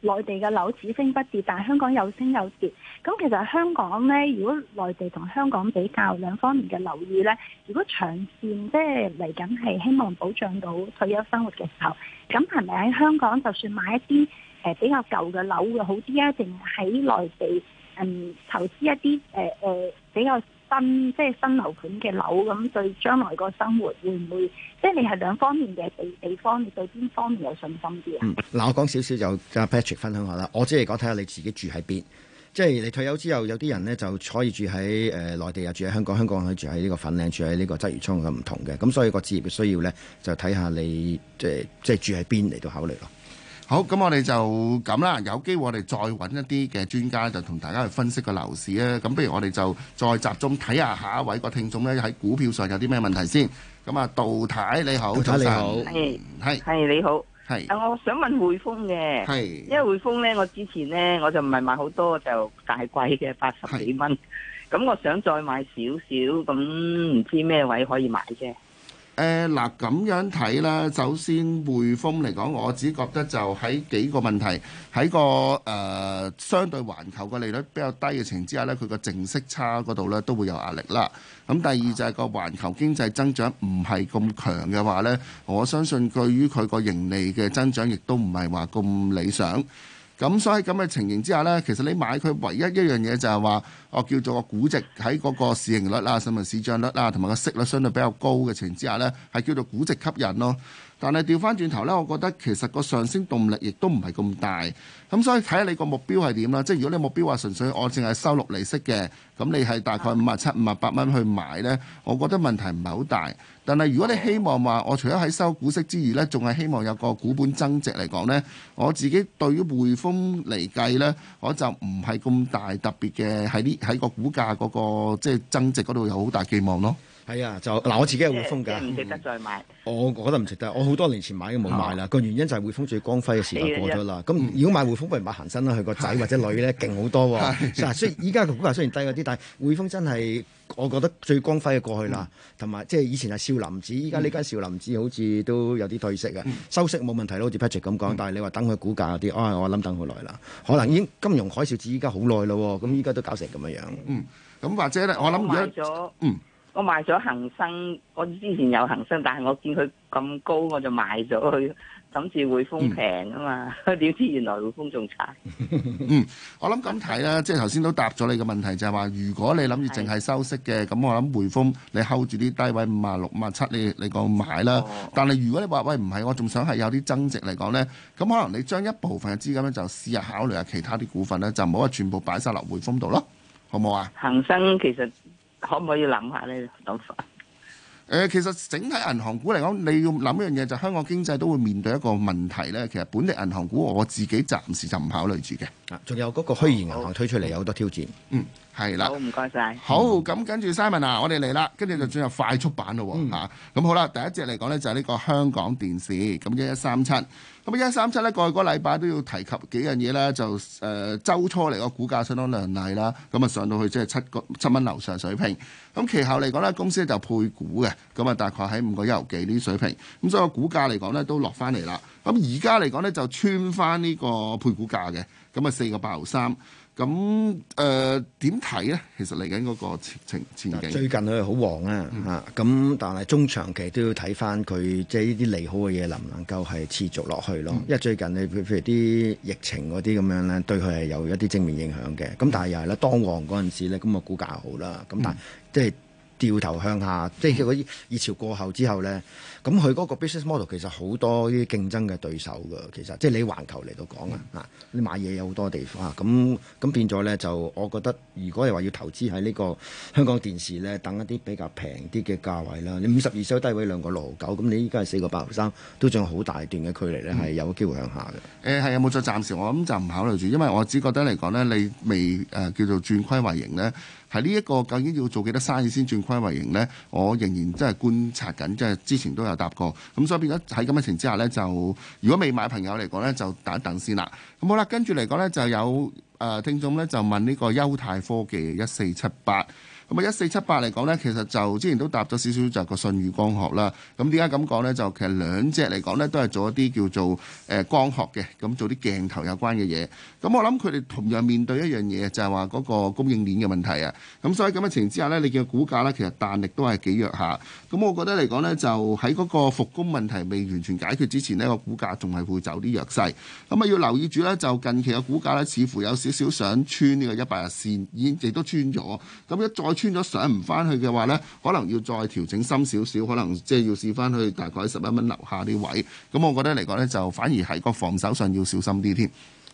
誒內地嘅樓只升不跌，但係香港有升有跌。咁其實香港呢，如果內地同香港比較兩方面嘅樓宇呢，如果長線即係嚟緊係希望保障到退休生活嘅時候，咁係咪喺香港就算買一啲誒、呃、比較舊嘅樓會好啲啊？定喺內地、嗯、投資一啲誒誒比較？新即係新樓盤嘅樓咁，對將來個生活會唔會？即係你係兩方面嘅地地方，你對邊方面有信心啲啊？嗱、嗯，我講少少就跟 Patrick 分享下啦。我只係講睇下你自己住喺邊，即係你退休之後有啲人呢就可以住喺誒、呃、內地又住喺香港，香港人可以住喺呢個粉嶺，住喺呢個質如聰鰂魚涌，咁唔同嘅。咁所以個置業嘅需要呢，就睇下你、呃、即係即係住喺邊嚟到考慮咯。好，咁我哋就咁啦。有機會我哋再揾一啲嘅專家，就同大家去分析個樓市啊。咁不如我哋就再集中睇下下一位個聽眾呢，喺股票上有啲咩問題先。咁啊，杜太你好，早晨，係，係你好，係。啊，我想問匯豐嘅，係，因為匯豐呢，我之前呢我就唔係買好多，就大貴嘅八十幾蚊。咁我想再買少少，咁唔知咩位可以買啫。誒嗱咁樣睇啦，首先匯豐嚟講，我只覺得就喺幾個問題，喺個誒、呃、相對環球個利率比較低嘅情況之下呢，佢個淨息差嗰度呢都會有壓力啦。咁第二就係、是、個環球經濟增長唔係咁強嘅話呢，我相信對於佢個盈利嘅增長亦都唔係話咁理想。咁所以喺咁嘅情形之下呢，其實你買佢唯一一樣嘢就係話，我、哦、叫做個估值喺嗰個市盈率啦、啊、甚至市漲率啦、啊，同埋個息率相對比較高嘅情形之下呢，係叫做估值吸引咯。但係調翻轉頭呢，我覺得其實個上升動力亦都唔係咁大，咁所以睇下你個目標係點啦。即係如果你目標話純粹我淨係收六利息嘅，咁你係大概五十七、五十八蚊去買呢，我覺得問題唔係好大。但係如果你希望話，我除咗喺收股息之餘呢，仲係希望有個股本增值嚟講呢，我自己對於匯豐嚟計呢，我就唔係咁大特別嘅喺呢喺個股價嗰個即係增值嗰度有好大寄望咯。係啊，就嗱我自己係匯豐噶，值唔值得再買？我覺得唔值得，我好多年前買都冇買啦。個原因就係匯豐最光輝嘅時代過咗啦。咁如果買匯豐，不如買恒生啦。佢個仔或者女咧勁好多。啊，雖然依家個股價雖然低咗啲，但係匯豐真係我覺得最光輝嘅過去啦。同埋即係以前係少林寺，依家呢間少林寺好似都有啲退色啊，收息冇問題咯，好似 Patrick 咁講。但係你話等佢股價嗰啲，啊，我諗等好耐啦。可能已經金融海嘯之後，依家好耐咯。咁依家都搞成咁樣樣。咁或者我諗而我賣咗恒生，我之前有恒生，但係我見佢咁高，我就賣咗佢，諗住匯豐平啊嘛，點、嗯、知原來匯豐仲差。 [laughs] 嗯，我諗咁睇啦， [laughs] 即係頭先都答咗你嘅問題，就係、是、話如果你諗住淨係收息嘅，咁的我諗匯豐你 hold 住啲低位 56, 57, 五萬六萬七，你你講買啦。但係如果你話喂唔係，我仲想係有啲增值嚟講咧，咁可能你將一部分嘅資金咧就試下考慮下其他啲股份咧，就唔好話全部擺晒落匯豐度咯，好唔好啊？恒生 [laughs] 其實。可唔可以諗下呢？誒、呃，其實整體銀行股嚟講，你要諗一樣嘢，就香港經濟都會面對一個問題呢。其實本地銀行股，我自己暫時就唔考慮住嘅。仲有嗰個虛擬銀行推出嚟，有好多挑戰。嗯，係啦。好，唔該曬。好，咁跟住 Simon 啊，我哋嚟啦，跟住就進入快速版咯吓。咁、嗯啊、好啦，第一隻嚟講呢，就係呢個香港電視，咁一一三七。咁一三七咧，過去嗰個禮拜都要提及幾樣嘢啦，就誒週、呃、初嚟個股價相當靚麗啦，咁啊上到去即係七個七蚊樓上水平。咁其後嚟講呢，公司咧就配股嘅，咁啊大概喺五個一毫幾呢啲水平。咁所以個股價嚟講呢都落翻嚟啦。咁而家嚟講呢，就穿翻呢個配股價嘅，咁啊四個八毫三。咁誒點睇咧？其實嚟緊嗰個前景最近佢係好旺啊！嚇咁、嗯啊，但係中長期都要睇翻佢即係呢啲利好嘅嘢能唔能夠係持續落去咯？嗯、因為最近你譬如啲疫情嗰啲咁樣咧，對佢係有一啲正面影響嘅。咁但係又係啦，當旺嗰陣時咧，咁個股價好啦。咁但係、嗯、即係掉頭向下，嗯、即係嗰啲熱潮過後之後咧。咁佢嗰個 business model 其實好多啲競爭嘅對手㗎，其實即係你環球嚟到講啊，啊、嗯、你買嘢有好多地方啊，咁咁變咗咧就我覺得，如果係話要投資喺呢個香港電視咧，等一啲比較平啲嘅價位啦，你五十二收低位兩個六九，咁你依家係四個八毫三，都仲有好大段嘅距離咧，係、嗯、有機會向下嘅。誒係啊，冇錯，暫時我諗就唔考慮住，因為我只覺得嚟講咧，你未誒、呃、叫做轉虧為盈咧。係呢一個究竟要做幾多生意先轉虧為盈呢？我仍然真係觀察緊，即係之前都有答過。咁所以變咗喺咁嘅情況之下呢，就如果未買朋友嚟講呢，就等一等先啦。咁好啦，跟住嚟講呢，就有誒、呃、聽眾呢就問呢個丘鈦科技一四七八。咁啊一四七八嚟講呢，其實就之前都答咗少少，就係個舜宇光學啦。咁點解咁講呢？就其實兩隻嚟講呢，都係做一啲叫做誒光學嘅，咁做啲鏡頭有關嘅嘢。咁、嗯、我諗佢哋同樣面對一樣嘢，就係話嗰個供應鏈嘅問題啊。咁、嗯、所以咁嘅情況之下呢，你嘅股價呢，其實彈力都係幾弱下。咁、嗯、我覺得嚟講呢，就喺嗰個復工問題未完全解決之前呢，個股價仲係會走啲弱勢。咁、嗯、啊要留意住呢，就近期嘅股價呢，似乎有少少想穿呢個一百日線，已經亦都穿咗。咁、嗯、一再穿咗上唔翻去嘅話呢，可能要再調整深少少，可能即係要試翻去大概十一蚊樓下啲位。咁、嗯、我覺得嚟講呢，就反而喺個防守上要小心啲添。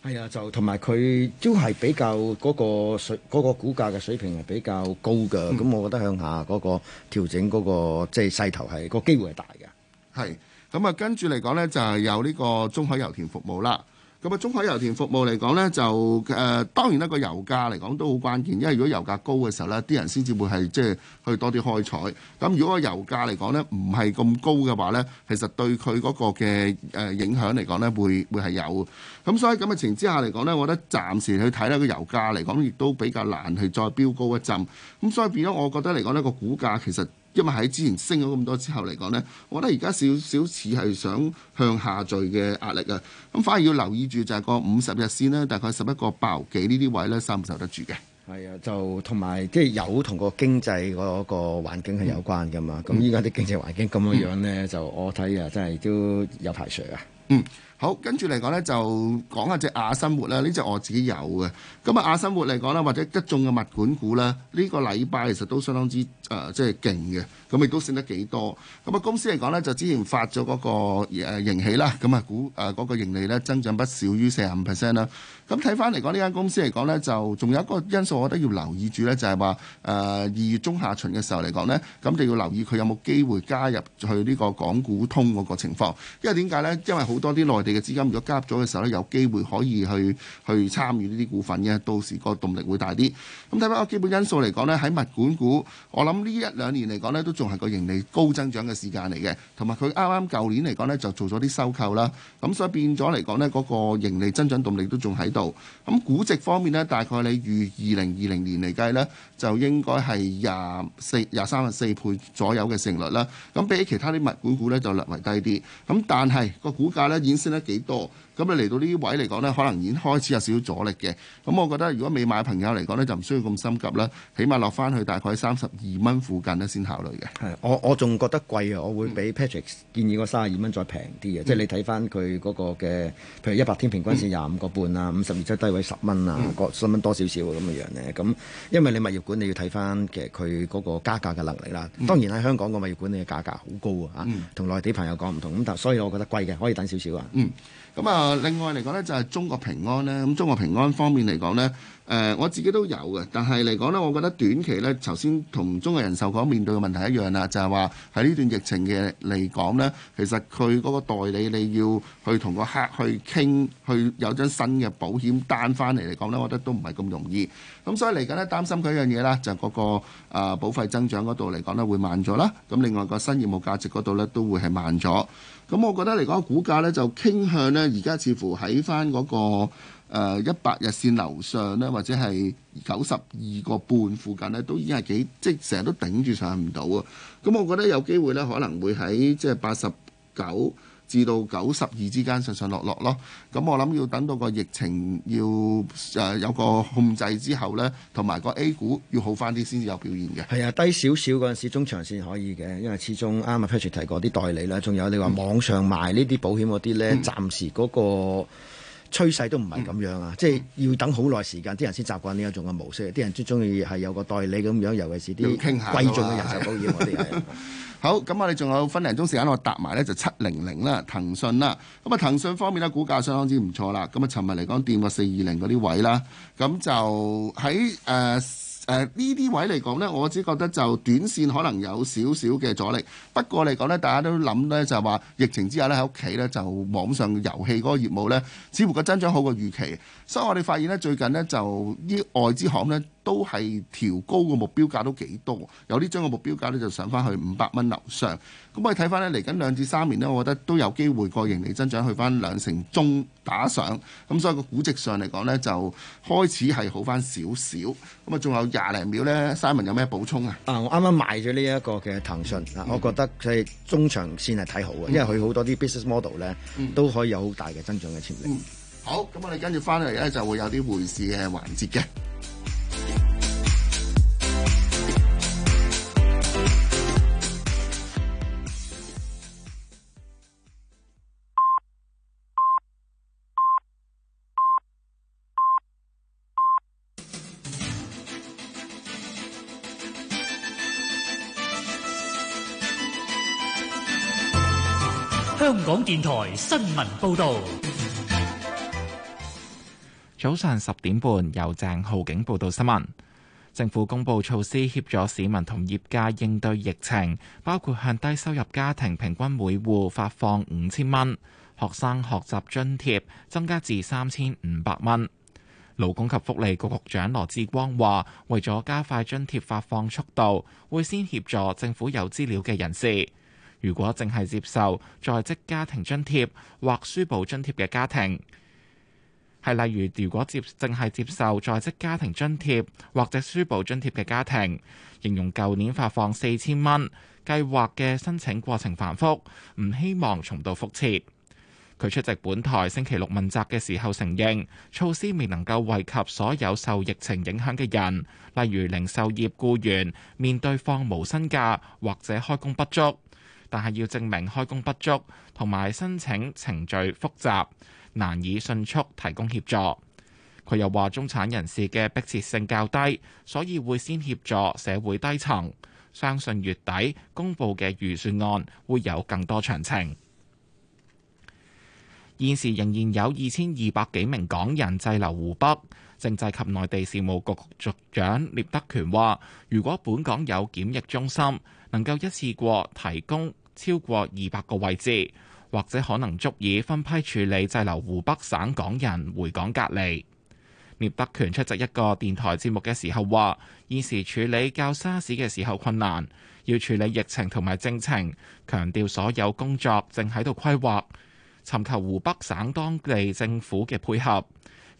係啊，就同埋佢都係比較嗰、嗰個水嗰、嗰個、股價嘅水平係比較高嘅，咁、嗯、我覺得向下嗰個調整嗰、嗰個即係、就是、勢頭係、嗰個機會係大嘅。係咁啊，跟住嚟講咧，就係有呢個中海油田服務啦。咁啊，中海油田服務嚟講呢，就誒當然呢個油價嚟講都好關鍵，因為如果油價高嘅時候呢，啲人先至會係即係去多啲開採。咁如果個油價嚟講呢，唔係咁高嘅話呢，其實對佢嗰個嘅誒影響嚟講呢，會會係有。咁所以咁嘅情之下嚟講呢，我覺得暫時去睇呢個油價嚟講亦都比較難去再飆高一陣。咁所以變咗，我覺得嚟講呢個股價其實。因為喺之前升咗咁多之後嚟講呢，我覺得而家少少似係想向下墜嘅壓力啊！咁反而要留意住就係個五十日線啦，大概十一個百幾呢啲位呢，受唔受得住嘅？係啊，就同埋即係有同個經濟嗰個環境係有關噶嘛。咁而家啲經濟環境咁樣樣呢，嗯、就我睇啊，真係都有排水啊！嗯，好，跟住嚟講呢，就講下隻亞生活啦。呢隻我自己有嘅。咁啊，亞生活嚟講啦，或者一眾嘅物管股啦，呢、呢個禮拜其實都相當之。誒即係勁嘅，咁亦、呃、都升得幾多。咁、嗯、啊公司嚟講呢，就之前發咗嗰、那個誒盈喜啦，咁啊股誒嗰個盈利呢，增長不少於四十五 percent 啦。咁睇翻嚟講呢間公司嚟講呢，就仲有一個因素，我覺得要留意住呢，就係話誒二月中下旬嘅時候嚟講呢，咁就要留意佢有冇機會加入去呢個港股通嗰個情況。因為點解呢？因為好多啲內地嘅資金如果加入咗嘅時候呢，有機會可以去去參與呢啲股份嘅，到時個動力會大啲。咁睇翻個基本因素嚟講呢，喺物管股，股，我諗。咁呢一兩年嚟講呢，都仲係個盈利高增長嘅時間嚟嘅，同埋佢啱啱舊年嚟講呢，就做咗啲收購啦，咁、啊、所以變咗嚟講呢，嗰、那個盈利增長動力都仲喺度。咁、啊、估值方面呢，大概你預二零二零年嚟計呢，就應該係廿四、廿三、十四倍左右嘅成率啦。咁、啊、比起其他啲物管股呢，就略為低啲。咁、啊、但係個股價呢，已經升得幾多？咁你嚟到呢位嚟講呢，可能已經開始有少少阻力嘅。咁我覺得如果未買朋友嚟講呢，就唔需要咁心急啦。起碼落翻去大概三十二蚊附近呢先考慮嘅。係，我我仲覺得貴啊！我會比 Patrick 建議嗰三十二蚊再平啲嘅，嗯、即係你睇翻佢嗰個嘅，譬如一百天平均線廿五個半啊，五十二週低位十蚊啊，十蚊、嗯、多少少咁嘅樣咧。咁因為你物業管理你要睇翻其實佢嗰個加價嘅能力啦。當然喺香港個物業管理嘅價格好高啊，同、嗯、內地朋友講唔同。咁但所以我覺得貴嘅可以等少少啊。嗯咁啊，另外嚟講呢就係中國平安呢，咁中國平安方面嚟講呢，誒我自己都有嘅，但係嚟講呢，我覺得短期呢，頭先同中國人壽講面對嘅問題一樣啦，就係話喺呢段疫情嘅嚟講呢，其實佢嗰個代理你要去同個客去傾，去有張新嘅保險單翻嚟嚟講呢，我覺得都唔係咁容易。咁所以嚟緊呢，擔心佢一樣嘢啦，就係嗰個啊保費增長嗰度嚟講呢會慢咗啦。咁另外個新業務價值嗰度呢都會係慢咗。咁、嗯、我覺得嚟講，股價呢就傾向呢。而家似乎喺翻嗰個一百、呃、日線樓上呢，或者係九十二個半附近呢，都已經係幾即成日都頂住上唔到啊！咁、嗯、我覺得有機會呢可能會喺即係八十九。至到九十二之間上上落落咯，咁、嗯、我諗要等到個疫情要誒、呃、有個控制之後呢，同埋個 A 股要好返啲先至有表現嘅。係啊，低少少嗰陣時中長線可以嘅，因為始終啱阿 Patrick 提過啲代理啦，仲有你話網上賣呢啲保險嗰啲呢，嗯、暫時嗰、那個。趨勢都唔係咁樣啊！嗯、即係要等好耐時間，啲人先習慣呢一種嘅模式。啲人最中意係有個代理咁樣，尤其是啲貴重嘅人就都要我哋。好，咁我哋仲有分零鐘時間，我搭埋咧就七零零啦，騰訊啦。咁啊，騰訊方面咧，股價相當之唔錯啦。咁啊，尋日嚟講掂過四二零嗰啲位啦，咁就喺誒。呃誒呢啲位嚟講呢，我只覺得就短線可能有少少嘅阻力。不過嚟講呢，大家都諗呢，就係話疫情之下呢，喺屋企呢，就網上遊戲嗰個業務呢，似乎個增長好過預期，所以我哋發現呢，最近呢，就啲外資行呢，都係調高個目標價都幾多，有啲將個目標價咧就上翻去五百蚊樓上。咁我哋睇翻咧嚟緊兩至三年咧，我覺得都有機會個盈利增長去翻兩成中打上。咁所以個估值上嚟講咧，就開始係好翻少少。咁啊，仲有廿零秒咧，Simon 有咩補充啊？啊，我啱啱買咗呢一個嘅騰訊啊，嗯、我覺得佢係中長線係睇好嘅，嗯、因為佢好多啲 business model 咧、嗯、都可以有好大嘅增長嘅潛力。嗯、好，咁我哋跟住翻嚟咧就會有啲回事嘅環節嘅。香港電台新聞報導。早上十點半，由鄭浩景報道新聞。政府公布措施，協助市民同業界應對疫情，包括向低收入家庭平均每戶發放五千蚊，學生學習津貼增加至三千五百蚊。勞工及福利局局長羅致光話：為咗加快津貼發放速度，會先協助政府有資料嘅人士。如果淨係接受在職家庭津貼或書簿津貼嘅家庭。係例如，如果接淨係接受在職家庭津貼或者書簿津貼嘅家庭，形容舊年發放四千蚊計劃嘅申請過程繁複，唔希望重蹈覆轍。佢出席本台星期六問責嘅時候承認，措施未能夠惠及所有受疫情影響嘅人，例如零售業僱員面對放無薪假或者開工不足，但係要證明開工不足同埋申請程序複雜。難以迅速提供協助。佢又話中產人士嘅迫切性較低，所以會先協助社會低層。相信月底公布嘅預算案會有更多詳情。 [noise] 現時仍然有二千二百幾名港人滯留湖北。政制及內地事務局局長聶德權話：如果本港有檢疫中心，能夠一次過提供超過二百個位置。或者可能足以分批處理滯留湖北省港人回港隔離。聶德權出席一個電台節目嘅時候話：現時處理較沙士嘅時候困難，要處理疫情同埋政情，強調所有工作正喺度規劃，尋求湖北省當地政府嘅配合，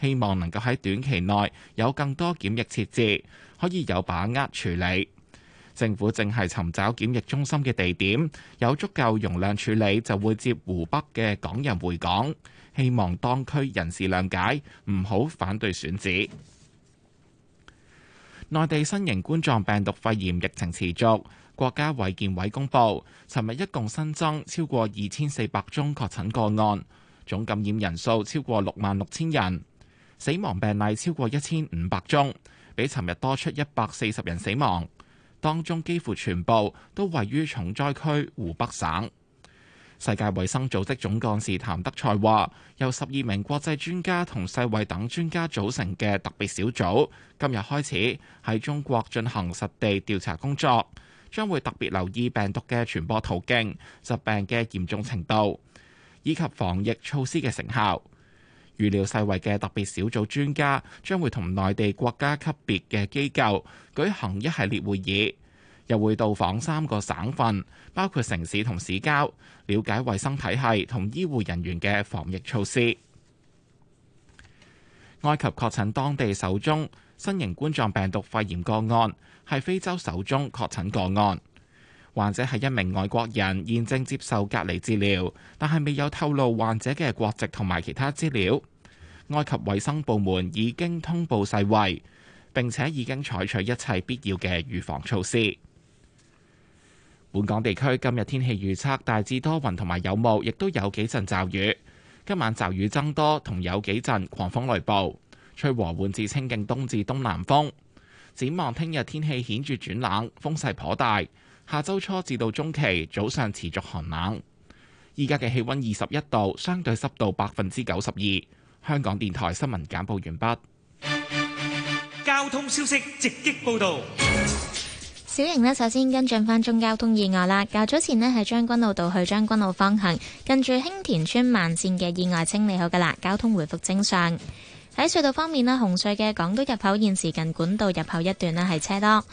希望能夠喺短期內有更多檢疫設置，可以有把握處理。政府正係尋找檢疫中心嘅地點，有足夠容量處理，就會接湖北嘅港人回港。希望當區人士諒解，唔好反對選址。內地新型冠狀病毒肺炎疫情持續，國家衛健委公布，尋日一共新增超過二千四百宗確診個案，總感染人數超過六萬六千人，死亡病例超過一千五百宗，比尋日多出一百四十人死亡。當中幾乎全部都位於重災區湖北省。世界衛生組織總幹事譚德塞話，由十二名國際專家同世衛等專家組成嘅特別小組，今日開始喺中國進行實地調查工作，將會特別留意病毒嘅傳播途徑、疾病嘅嚴重程度，以及防疫措施嘅成效。預料世衛嘅特別小組專家將會同內地國家級別嘅機構舉行一系列會議，又會到訪三個省份，包括城市同市郊，了解衛生體系同醫護人員嘅防疫措施。埃及確診當地首宗新型冠狀病毒肺炎個案，係非洲首宗確診個案。患者係一名外國人，現正接受隔離治療，但係未有透露患者嘅國籍同埋其他資料。埃及衞生部門已經通報世衞，並且已經採取一切必要嘅預防措施。本港地區今日天氣預測大致多雲同埋有霧，亦都有幾陣驟雨。今晚驟雨增多，同有幾陣狂風雷暴，吹和緩至清勁東至東南風。展望聽日天氣顯著轉冷，風勢頗大。下周初至到中期早上持續寒冷，依家嘅氣溫二十一度，相對濕度百分之九十二。香港電台新聞簡報完畢。交通消息直擊報道，小瑩呢，首先跟進翻中交通意外啦。較早前呢，係將軍澳道去將軍澳方向近住興田村慢綫嘅意外清理好嘅啦，交通回復正常。喺隧道方面呢，紅隧嘅港島入口現時近管道入口一段呢，係車多。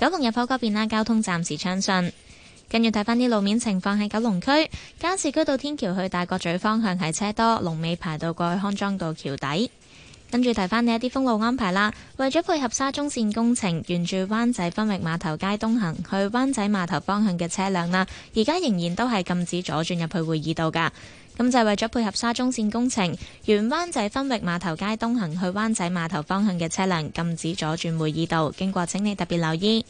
九龍入口嗰邊啦，交通暫時暢順。跟住睇翻啲路面情況，喺九龍區，加士居道天橋去大角咀方向係車多，龍尾排到過去康莊道橋底。跟住提翻你一啲封路安排啦，為咗配合沙中線工程，沿住灣仔分域碼頭街東行去灣仔碼頭方向嘅車輛啦，而家仍然都係禁止左轉入去會議道噶。咁就係為咗配合沙中線工程，沿灣仔分域碼頭街東行去灣仔碼頭方向嘅車輛禁止左轉會議道，經過請你特別留意。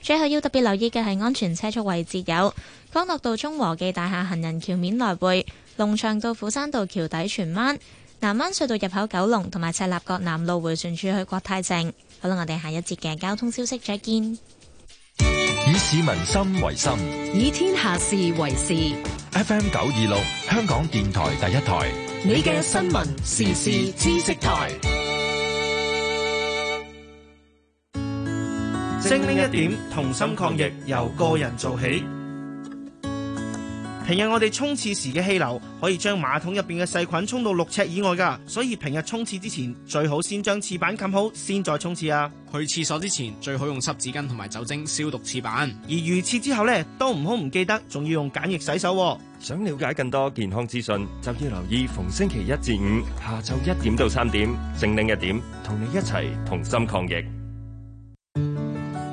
最後要特別留意嘅係安全車速位置有：江樂道中和記大廈行人橋面來回，龍翔道虎山道橋底荃灣南灣隧道入口九龍同埋赤鱲角南路迴旋處去國泰城。好啦，我哋下一節嘅交通消息再見。以市民心為心，以天下事為事。FM 九二六，香港電台第一台，你嘅新聞時事知識台。精靈一點，同心抗疫，由個人做起。平日我哋沖廁時嘅氣流可以將馬桶入邊嘅細菌沖到六尺以外噶，所以平日沖廁之前最好先將廁板冚好，先再沖廁啊！去廁所之前最好用濕紙巾同埋酒精消毒廁板，而如廁之後呢，都唔好唔記得，仲要用梘液洗手啊。想了解更多健康資訊，就要留意逢星期一至五下晝一點到三點，精靈一點，同你一齊同心抗疫。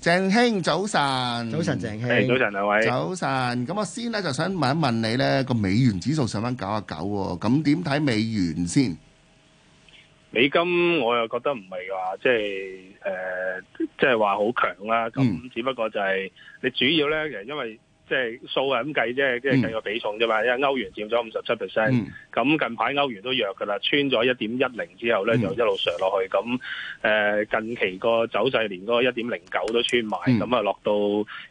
鄭興早晨，早晨鄭興，早晨兩位，早晨。咁我先咧就想問一問你咧個美元指數上返九啊九，咁點睇美元先？美金我又覺得唔係話即係誒，即係話好強啦。咁只不過就係你主要咧，其實因為。即係數係咁計啫，即係計個比重啫嘛。嗯、因為歐元佔咗五十七 percent，咁近排歐元都弱㗎啦，穿咗一點一零之後咧，就一路上落去。咁誒、呃、近期走勢個走勢連嗰一點零九都穿埋，咁啊、嗯、落到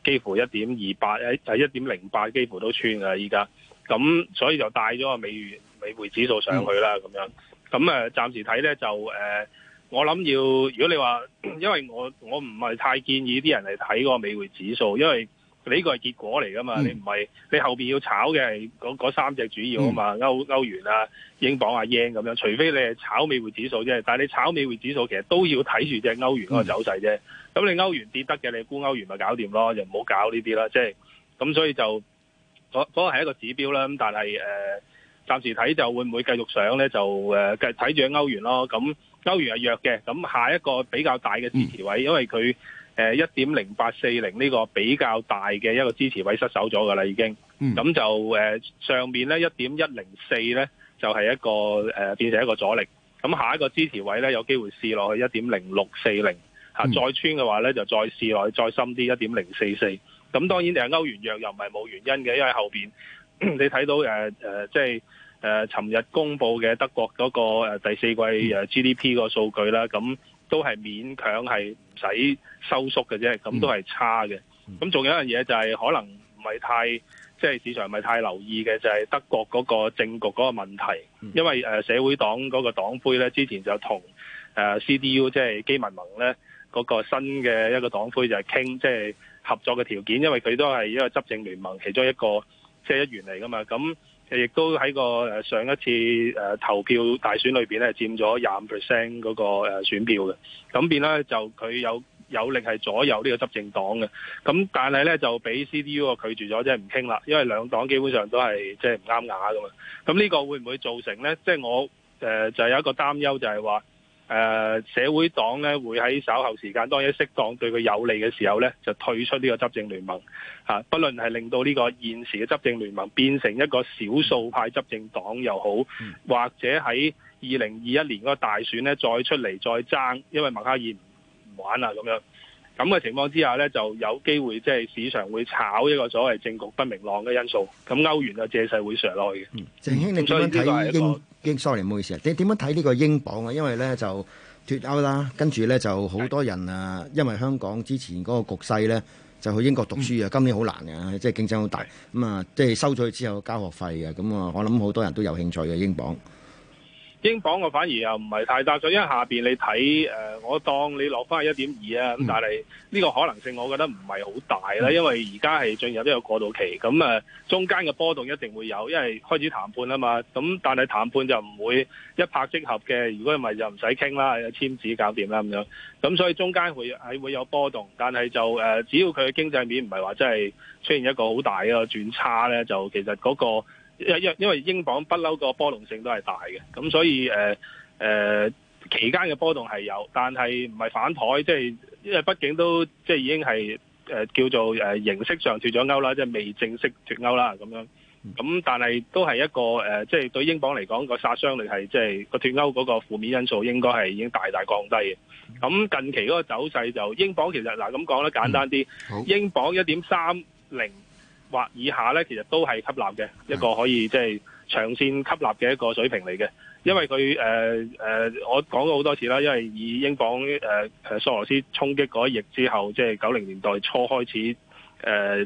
幾乎一點二八，就一點零八幾乎都穿㗎依家。咁所以就帶咗個美元美匯指數上去啦，咁、嗯、樣。咁誒暫時睇咧就誒、呃，我諗要如果你話，因為我我唔係太建議啲人嚟睇個美匯指數，因為。呢個係結果嚟噶嘛？嗯、你唔係你後邊要炒嘅係嗰三隻主要啊嘛，嗯、歐歐元啊、英鎊啊、yen 咁、啊、樣。除非你係炒美匯指數啫，但係你炒美匯指數其實都要睇住隻歐元嗰個走勢啫。咁、嗯、你歐元跌得嘅，你沽歐元咪搞掂咯，就唔好搞呢啲啦。即係咁，所以就嗰嗰個係一個指標啦。咁但係誒、呃，暫時睇就會唔會繼續上咧？就誒，睇、呃、住歐元咯。咁歐元係弱嘅，咁下一個比較大嘅支持位，因為佢。嗯誒一點零八四零呢個比較大嘅一個支持位失守咗㗎啦，已經咁就誒上面呢一點一零四呢就係、是、一個誒、呃、變成一個阻力。咁下一個支持位呢，有機會試落去一點零六四零嚇，40, 啊嗯、再穿嘅話呢，就再試落去再深啲一點零四四。咁當然誒歐元弱又唔係冇原因嘅，因為後邊 [laughs] 你睇到誒誒即係誒尋日公布嘅德國嗰個第四季誒 GDP 個數據啦，咁。嗯嗯都係勉強係唔使收縮嘅啫，咁都係差嘅。咁仲、嗯、有一樣嘢就係可能唔係太即係、就是、市場唔係太留意嘅，就係、是、德國嗰個政局嗰個問題，因為誒、呃、社會黨嗰個黨魁咧之前就同誒、呃、CDU 即係基民盟咧嗰、那個新嘅一個黨魁就係傾即係合作嘅條件，因為佢都係一個執政聯盟其中一個。即一元嚟㗎嘛，咁亦都喺個上一次誒、呃、投票大選裏邊咧，佔咗廿五 percent 嗰個誒、呃、選票嘅，咁變咧就佢有有力係左右呢個執政黨嘅，咁但係咧就俾 CDU 啊拒絕咗，即係唔傾啦，因為兩黨基本上都係即係唔啱牙㗎嘛，咁呢個會唔會造成咧？即、就、係、是、我誒、呃、就有一個擔憂就，就係話。誒社會黨咧會喺稍後時間，當一適當對佢有利嘅時候咧，就退出呢個執政聯盟嚇、啊。不論係令到呢個現時嘅執政聯盟變成一個少數派執政黨又好，或者喺二零二一年嗰個大選咧再出嚟再爭，因為默克爾唔唔玩啦咁樣。咁嘅情況之下呢，就有機會即係市場會炒一個所謂政局不明朗嘅因素，咁歐元就借勢會上落去嘅。鄭兄、嗯，你點樣睇英、嗯、？Sorry，唔好意思啊，你點樣睇呢個英鎊啊？因為呢就脫歐啦，跟住呢就好多人啊，是因為香港之前嗰個局勢呢，就去英國讀書啊，嗯、今年好難嘅，即係競爭好大咁啊、嗯，即係收咗之後交學費嘅咁啊。我諗好多人都有興趣嘅英鎊。英鎊我反而又唔係太擔心，因為下邊你睇誒、呃，我當你落翻係一點二啊，咁但係呢個可能性我覺得唔係好大啦，因為而家係進入呢個過渡期，咁誒、呃、中間嘅波動一定會有，因為開始談判啦嘛，咁但係談判就唔會一拍即合嘅，如果唔係就唔使傾啦，簽紙搞掂啦咁樣，咁所以中間會係會有波動，但係就誒、呃，只要佢經濟面唔係話真係出現一個好大嘅一個轉差咧，就其實嗰、那個。因因因為英鎊不嬲個波動性都係大嘅，咁所以誒誒期間嘅波動係有，但係唔係反台，即係因為畢竟都即係已經係誒叫做誒形式上脫咗歐啦，即係未正式脫歐啦咁樣。咁但係都係一個誒，即係對英鎊嚟講個殺傷力係即係個脫歐嗰個負面因素應該係已經大大降低嘅。咁近期嗰個走勢就英鎊其實嗱咁講咧簡單啲，嗯、英鎊一點三零。或以下咧，其實都係吸納嘅一個可以即係、就是、長線吸納嘅一個水平嚟嘅，因為佢誒誒，我講咗好多次啦。因為以英鎊誒誒索羅斯衝擊嗰一役之後，即係九零年代初開始誒、呃，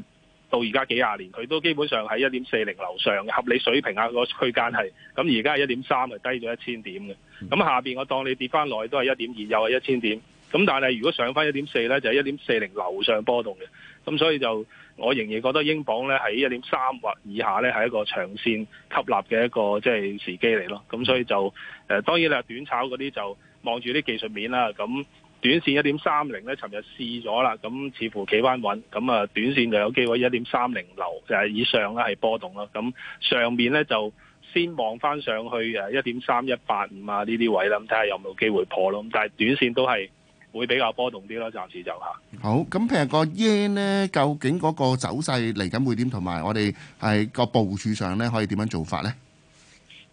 到而家幾廿年，佢都基本上喺一點四零樓上嘅合理水平啊，個區間係。咁而家係一點三啊，低咗一千點嘅。咁下邊我當你跌翻落去都係一點二，又係一千點。咁但係如果上翻一點四咧，就係一點四零樓上波動嘅。咁所以就。我仍然覺得英鎊咧喺一點三或以下咧係一個長線吸納嘅一個即係時機嚟咯，咁所以就，誒當然啦，短炒嗰啲就望住啲技術面啦。咁短線一點三零咧，尋日試咗啦，咁似乎企返穩，咁啊短線就有機會一點三零樓就係以上啦，係波動咯。咁上面咧就先望翻上去誒一點三一八五啊呢啲位啦，咁睇下有冇機會破咯。咁但係短線都係。會比較波動啲咯，暫時就嚇。好，咁譬如個 yen 咧，究竟嗰個走勢嚟緊會點，同埋我哋係個部署上咧，可以點樣做法咧？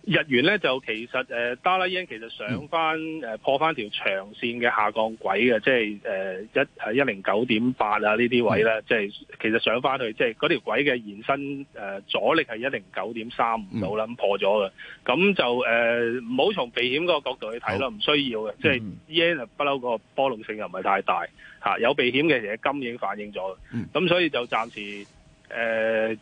日元咧就其實誒，dollar yen 其實上翻誒、嗯、破翻條長線嘅下降軌嘅，即係誒、呃、一係一零九點八啊呢啲位咧，即係、嗯就是、其實上翻去，即係嗰條軌嘅延伸誒、呃、阻力係一零九點三唔到啦，破咗嘅。咁就誒唔好從避險嗰個角度去睇咯，唔需要嘅。即係 yen 不嬲個波動性又唔係太大嚇、啊，有避險嘅嘢金已經反映咗嘅。咁所以就暫時誒。呃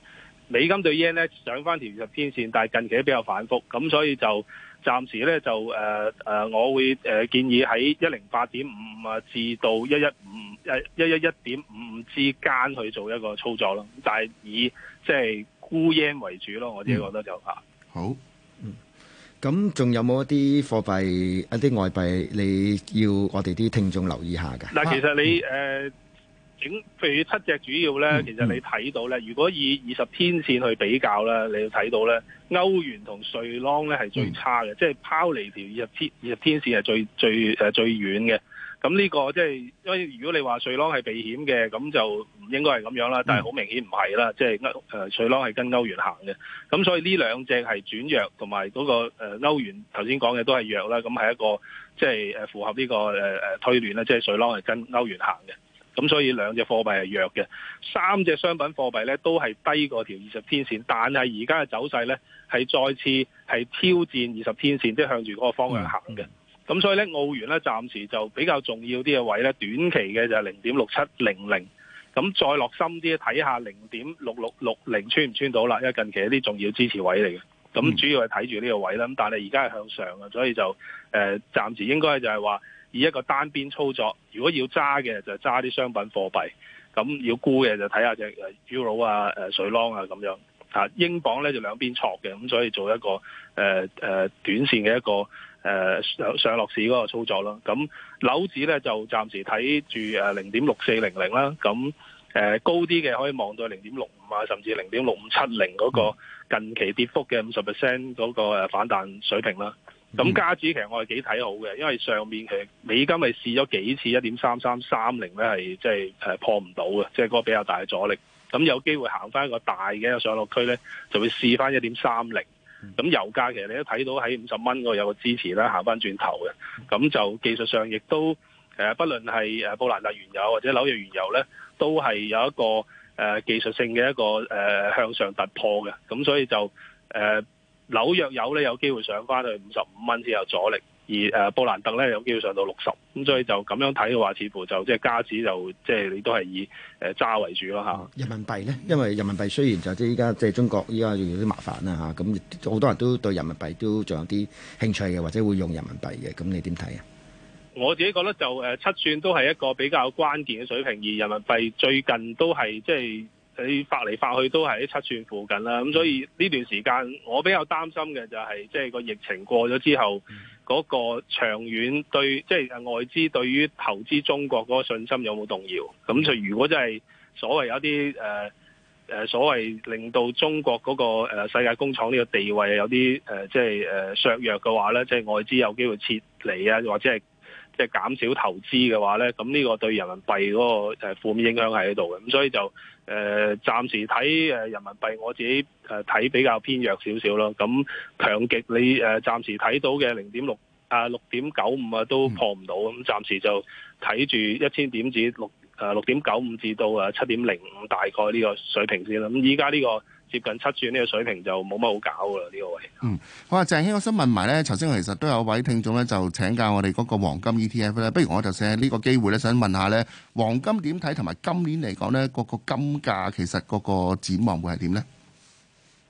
美金對 yen 咧上翻條日天線，但係近期比較反覆，咁所以就暫時呢，就誒誒、呃呃，我會誒建議喺一零八點五五啊至到一一五誒一一一點五五之間去做一個操作咯。但係以即係沽 yen 為主咯，我自己覺得就嚇、嗯、好。嗯，咁仲有冇一啲貨幣一啲外幣你要我哋啲聽眾留意下㗎？但、啊嗯、其實你誒，呃咁譬如七隻主要咧，其實你睇到咧，如果以二十天線去比較咧，你要睇到咧，歐元同瑞郎咧係最差嘅，嗯、即係拋離條二十天二十天線係最最誒最遠嘅。咁、嗯、呢、這個即係因為如果你話瑞郎係避險嘅，咁就唔應該係咁樣啦。但係好明顯唔係啦，即係歐誒瑞郎係跟歐元行嘅。咁、嗯、所以呢兩隻係轉弱，同埋嗰個誒、呃、歐元頭先講嘅都係弱啦。咁、嗯、係一個即係誒符合呢、這個誒誒、呃、推斷啦，即係瑞郎係跟歐元行嘅。咁所以兩隻貨幣係弱嘅，三隻商品貨幣咧都係低過條二十天線，但係而家嘅走勢咧係再次係挑戰二十天線，即係向住嗰個方向行嘅。咁、嗯、所以咧澳元咧暫時就比較重要啲嘅位咧，短期嘅就係零點六七零零，咁再落深啲睇下零點六六六零穿唔穿到啦，因為近期一啲重要支持位嚟嘅。咁主要係睇住呢個位啦，咁、嗯、但係而家係向上嘅，所以就誒暫時應該就係話，以一個單邊操作，如果要揸嘅就揸啲商品貨幣，咁要沽嘅就睇下隻 euro 啊、瑞郎啊咁樣。啊，英鎊咧就兩邊挫嘅，咁所以做一個誒誒、呃呃、短線嘅一個誒上、呃、上落市嗰個操作咯。咁樓指咧就暫時睇住誒零點六四零零啦。咁誒、呃、高啲嘅可以望到零點六五啊，甚至零點六五七零嗰個近期跌幅嘅五十 percent 嗰個反彈水平啦。咁、嗯、加指其實我係幾睇好嘅，因為上面其實美金係試咗幾次一點三三三零咧，係即係誒破唔到嘅，即係個比較大嘅阻力。咁有機會行翻一個大嘅上落區咧，就會試翻一點三零。咁、嗯、油價其實你都睇到喺五十蚊嗰度有個支持啦，行翻轉頭嘅。咁就技術上亦都誒，不論係誒布蘭特原油或者紐約原油咧，都係有一個誒、呃、技術性嘅一個誒、呃、向上突破嘅。咁所以就誒。呃紐約油咧有機會上翻去五十五蚊先有阻力，而誒布蘭特咧有機會上到六十，咁所以就咁樣睇嘅話，似乎就即係加紙就即係你都係以誒揸、呃、為主咯嚇、啊哦。人民幣咧，因為人民幣雖然就即係依家即係中國依家有啲麻煩啦嚇，咁、啊、好多人都對人民幣都仲有啲興趣嘅，或者會用人民幣嘅，咁你點睇啊？我自己覺得就誒，七、呃、算都係一個比較關鍵嘅水平，而人民幣最近都係即係。你發嚟發去都係喺七寸附近啦，咁所以呢段時間我比較擔心嘅就係即係個疫情過咗之後，嗰、那個長遠對即係、就是、外資對於投資中國嗰個信心有冇動搖？咁就如果真係所謂有啲誒誒所謂令到中國嗰個誒世界工廠呢個地位有啲誒即係誒削弱嘅話咧，即、就、係、是、外資有機會撤離啊，或者係。即係減少投資嘅話咧，咁呢個對人民幣嗰個就負面影響係喺度嘅，咁所以就誒、呃、暫時睇誒人民幣，我自己誒睇比較偏弱少少咯。咁強極你誒、呃、暫時睇到嘅零點六啊六點九五啊都破唔到，咁暫時就睇住一千點至六誒六點九五至到誒七點零五大概呢個水平先啦。咁依家呢個，接近七千呢個水平就冇乜好搞噶啦，呢個位。嗯，好啊，鄭兄，我想問埋咧，頭先其實都有位聽眾咧，就請教我哋嗰個黃金 ETF 咧。不如我就借呢個機會咧，想問下咧，黃金點睇同埋今年嚟講咧，嗰個金價其實嗰個展望會係點咧？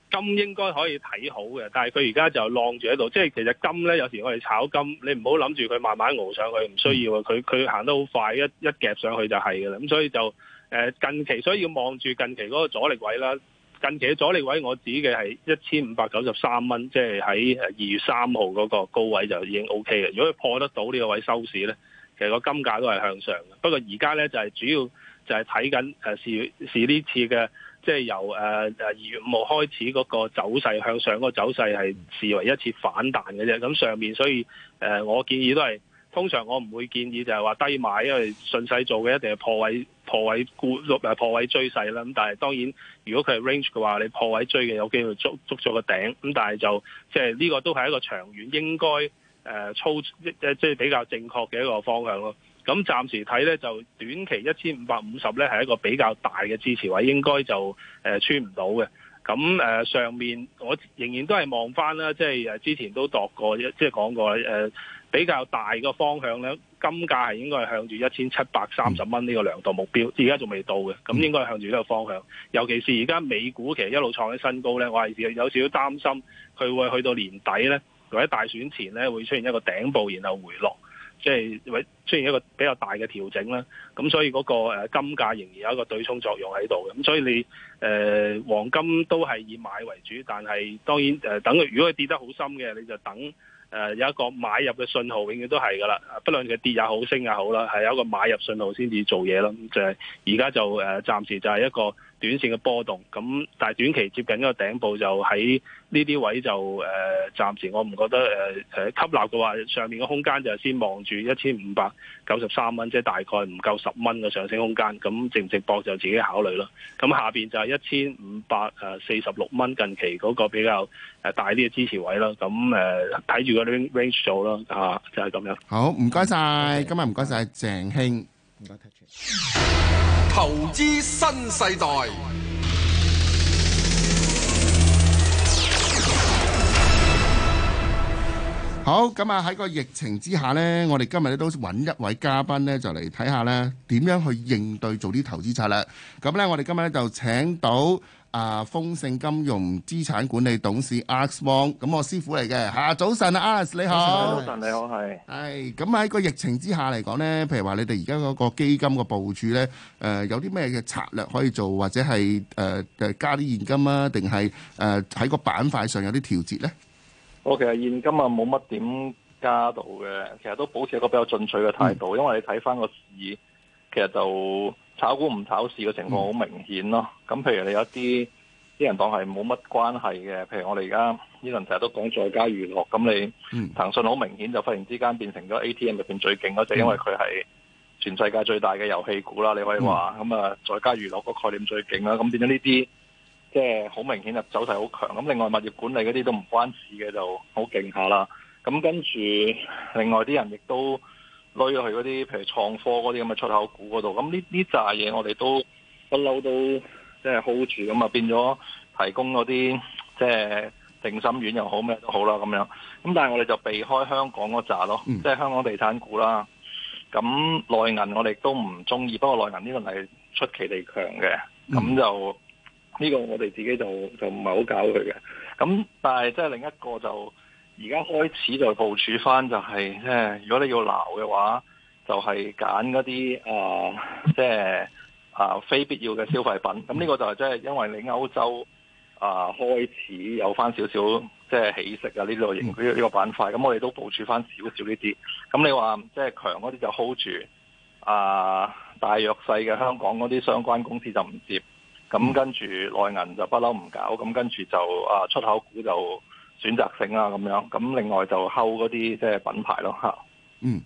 金應該可以睇好嘅，但係佢而家就晾住喺度。即係其實金咧，有時我哋炒金，你唔好諗住佢慢慢熬上去，唔需要啊。佢佢行得好快，一一夾上去就係噶啦。咁所以就誒近期，所以要望住近期嗰個阻力位啦。近期嘅阻力位我指嘅係一千五百九十三蚊，即係喺二月三號嗰個高位就已經 OK 嘅。如果佢破得到呢個位收市咧，其實個金價都係向上嘅。不過而家咧就係、是、主要就係睇緊誒是、啊就是呢次嘅即係由誒誒二月五號開始嗰個走勢向上個走勢係視為一次反彈嘅啫。咁上面所以誒、呃，我建議都係。通常我唔會建議就係話低買，因為順勢做嘅一定係破位破位固破位追勢啦。咁但係當然，如果佢係 range 嘅話，你破位追嘅有機會捉捉咗個頂。咁但係就即係呢個都係一個長遠應該誒、呃、操即係比較正確嘅一個方向咯。咁暫時睇咧就短期一千五百五十咧係一個比較大嘅支持位，應該就誒、呃、穿唔到嘅。咁誒、呃、上面我仍然都係望返啦，即係之前都度過即係講過誒。呃比較大個方向咧，金價係應該係向住一千七百三十蚊呢個量度目標，而家仲未到嘅，咁應該係向住呢個方向。尤其是而家美股其實一路創起新高咧，我係有少少擔心佢會去到年底咧，或者大選前咧，會出現一個頂部然後回落，即係出現一個比較大嘅調整啦。咁所以嗰個金價仍然有一個對沖作用喺度嘅。咁所以你誒、呃、黃金都係以買為主，但係當然誒等、呃，如果佢跌得好深嘅，你就等。誒、呃、有一個買入嘅信號，永遠都係㗎喇，不論佢跌也好、升也好啦，係有一個買入信號先至做嘢咯。就係而家就誒、呃、暫時就係一個。短線嘅波動，咁但係短期接近一個頂部就喺呢啲位就誒、呃，暫時我唔覺得誒誒、呃、吸納嘅話，上面嘅空間就先望住一千五百九十三蚊，即係大概唔夠十蚊嘅上升空間，咁值唔值搏就自己考慮啦。咁下邊就係一千五百誒四十六蚊，近期嗰個比較誒大啲嘅支持位啦。咁誒睇住個 range 做啦，啊就係咁樣。好，唔該晒，今日唔該晒，鄭兄。投資新世代。好，咁啊喺個疫情之下呢，我哋今日呢都揾一位嘉賓呢，就嚟睇下呢點樣去應對做啲投資策略。咁呢，我哋今日呢就請到。啊，豐盛金融資產管理董事 Alex Wong，咁我師傅嚟嘅吓，早晨啊 Alex，你好，早晨，早晨你好係，係咁喺個疫情之下嚟講咧，譬如話你哋而家嗰個基金嘅部署咧，誒、呃、有啲咩嘅策略可以做，或者係誒誒加啲現金啊，定係誒喺個板塊上有啲調節咧？我、哦、其實現金啊冇乜點加到嘅，其實都保持一個比較進取嘅態度，嗯、因為你睇翻個市，其實就。炒股唔炒市嘅情況好明顯咯，咁、嗯、譬如你有一啲啲人當係冇乜關係嘅，譬如我哋而家呢輪成日都講在家娛樂，咁你、嗯、騰訊好明顯就忽然之間變成咗 ATM 入邊最勁嗰隻，嗯、因為佢係全世界最大嘅遊戲股啦，你可以話，咁啊、嗯、在家娛樂個概念最勁啦，咁變咗呢啲即係好明顯就走勢好強，咁另外物業管理嗰啲都唔關事嘅就好勁下啦，咁跟住另外啲人亦都。攞去嗰啲，譬如創科嗰啲咁嘅出口股嗰度，咁呢呢扎嘢我哋都不嬲都即係 hold 住，咁啊變咗提供嗰啲即係定心丸又好咩都好啦咁樣。咁但係我哋就避開香港嗰扎咯，即係香港地產股啦。咁內銀我哋都唔中意，不過內銀呢個係出奇地強嘅，咁、嗯、就呢、呢個我哋自己就就唔係好搞佢嘅。咁但係即係另一個就。而家開始就部署翻，就係、是、咧，如果你要鬧嘅話，就係揀嗰啲啊，即係啊非必要嘅消費品。咁呢個就係即係因為你歐洲啊、呃、開始有翻少少即係起色啊呢類型呢、這個板塊。咁我哋都部署翻少少呢啲。咁你話即係強嗰啲就 hold 住啊、呃，大弱細嘅香港嗰啲相關公司就唔接。咁跟住內銀就不嬲唔搞。咁跟住就啊出口股就。選擇性啊，咁樣咁。另外就 hold 嗰啲即係品牌咯嚇。嗯，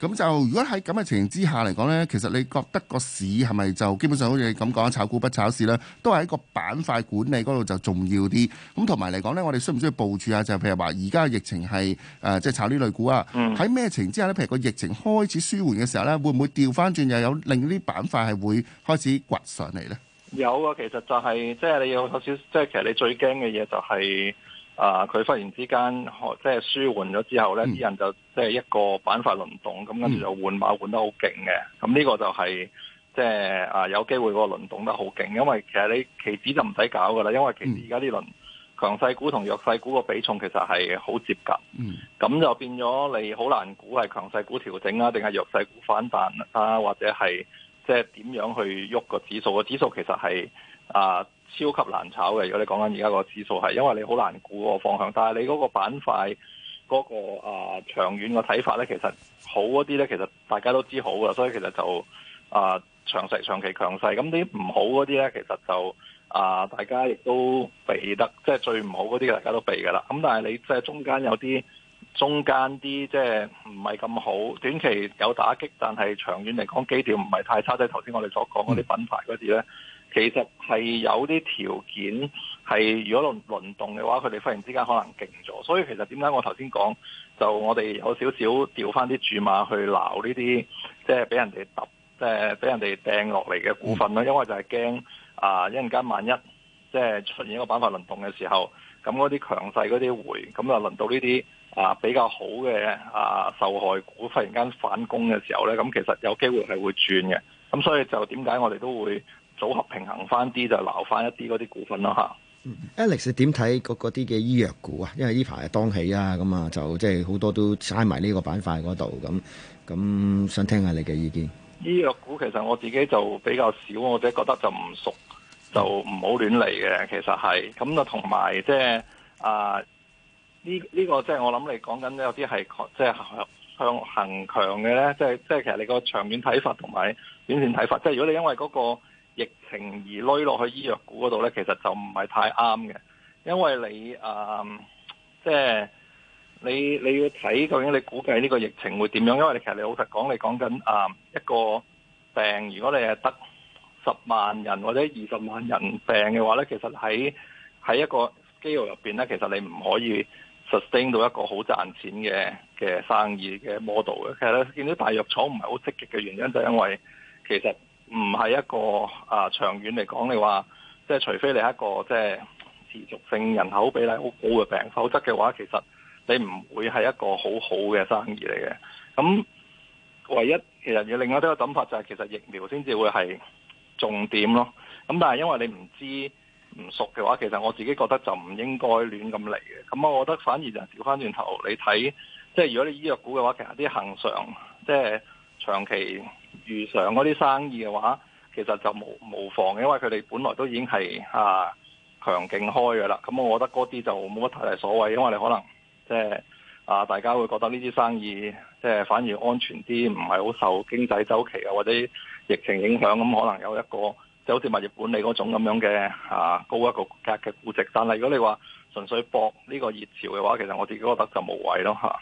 咁就如果喺咁嘅情形之下嚟講咧，其實你覺得個市係咪就基本上好似你咁講炒股不炒市咧，都係一個板塊管理嗰度就重要啲。咁同埋嚟講咧，我哋需唔需要部署啊？就係、譬如話而家嘅疫情係誒，即、呃、係、就係、炒呢類股啊。喺咩情之下咧？譬如個疫情開始舒緩嘅時候咧，會唔會調翻轉又有另啲板塊係會開始掘上嚟咧？有啊，其實就係、係、即係你要有少即係其實你最驚嘅嘢就係、係。啊！佢、呃、忽然之間、哦、即係舒緩咗之後咧，啲、嗯、人就即係一個板塊輪動，咁跟住就換馬換得好勁嘅。咁、嗯、呢、嗯嗯呢個就係、是、即係啊有機會個輪動得好勁，因為其實你期指就唔使搞噶啦，因為其實而家呢輪強勢股同弱勢股個比重其實係好接近，咁、嗯嗯、就變咗你好難估係強勢股調整啊，定係弱勢股反彈啊，或者係即係點樣去喐個指數？個、啊嗯、指數其實係啊。其實其實超級難炒嘅，如果你講緊而家個指數係，因為你好難估個方向。但係你嗰個板塊嗰、個啊、呃、長遠嘅睇法咧，其實好嗰啲咧，其實大家都知好噶，所以其實就啊長勢長期強勢。咁啲唔好嗰啲咧，其實就啊、呃、大家亦都避得，即係最唔好嗰啲大家都避噶啦。咁但係你即係中間有啲中間啲即係唔係咁好，短期有打擊，但係長遠嚟講基調唔係太差。即係頭先我哋所講嗰啲品牌嗰啲咧。其實係有啲條件係，如果輪,輪動嘅話，佢哋忽然之間可能勁咗，所以其實點解我頭先講就我哋有少少調翻啲注碼去鬧呢啲，即係俾人哋揼，即係俾人哋掟落嚟嘅股份咯。因為就係驚啊，一陣間萬一即係出現一個板塊輪動嘅時候，咁嗰啲強勢嗰啲回，咁又輪到呢啲啊比較好嘅啊受害股忽然間反攻嘅時候咧，咁其實有機會係會轉嘅。咁所以就點解我哋都會。組合平衡翻啲就留翻一啲嗰啲股份咯嚇。Alex 點睇嗰啲嘅醫藥股啊？因為呢排當起啊，咁啊就即係好多都曬埋呢個板塊嗰度咁。咁想聽下你嘅意見。醫藥股其實我自己就比較少，我哋覺得就唔熟，就唔好亂嚟嘅。其實係咁啊，同埋即係啊呢呢個即係我諗你講緊有啲係即係向行強嘅咧，即係即係其實你個長遠睇法同埋短線睇法。即係如果你因為嗰個疫情而推落去醫藥股嗰度呢，其實就唔係太啱嘅，因為你誒，即、呃、係、就是、你你要睇究竟你估計呢個疫情會點樣？因為其實你老實講，你講緊誒一個病，如果你係得十萬人或者二十萬人病嘅話呢，其實喺喺一個 scale 入邊呢，其實你唔可以 sustain 到一個好賺錢嘅嘅生意嘅 model 嘅。其實咧，見到大藥廠唔係好積極嘅原因，就係、因為其實。唔係一個啊、呃，長遠嚟講，你話即係除非你係一個即係持續性人口比例好高嘅病，否則嘅話，其實你唔會係一個好好嘅生意嚟嘅。咁、嗯、唯一其實有另外一個諗法就係、是，其實疫苗先至會係重點咯。咁、嗯、但係因為你唔知唔熟嘅話，其實我自己覺得就唔應該亂咁嚟嘅。咁、嗯、我覺得反而就調翻轉頭，你睇即係如果你醫藥股嘅話，其實啲恆常即係長期。如常嗰啲生意嘅話，其實就無無妨嘅，因為佢哋本來都已經係啊強勁開嘅啦。咁、嗯、我覺得嗰啲就冇乜太大所謂，因為你可能即係、就是、啊大家會覺得呢啲生意即係、就是、反而安全啲，唔係好受經濟周期啊或者疫情影響，咁、嗯，可能有一個就好似物業管理嗰種咁樣嘅啊高一個格嘅估值。但係如果你話純粹搏呢個熱潮嘅話，其實我自己覺得就無謂咯嚇。啊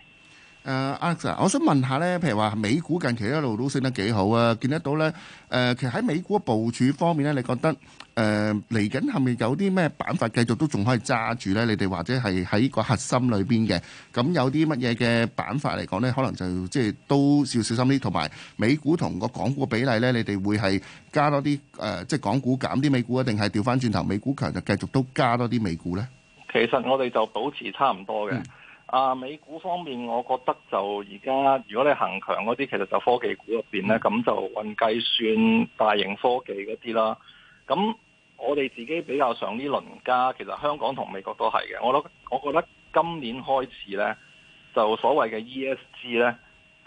誒、uh, Alex，我想問下呢，譬如話美股近期一路都升得幾好啊，見得到呢？誒、呃，其實喺美股部署方面呢，你覺得誒嚟緊後面有啲咩板塊繼續都仲可以揸住呢？你哋或者係喺個核心裏邊嘅，咁有啲乜嘢嘅板塊嚟講呢？可能就即係都要小心啲。同埋美股同個港股嘅比例呢，你哋會係加多啲誒、呃，即係港股減啲美股啊？定係調翻轉頭美股強就繼續都加多啲美股呢？其實我哋就保持差唔多嘅。嗯啊，美股方面，我覺得就而家如果你行強嗰啲，其實就科技股入邊咧，咁就運計算大型科技嗰啲啦。咁我哋自己比較上呢輪家，其實香港同美國都係嘅。我諗我覺得今年開始咧，就所謂嘅 ESG 咧，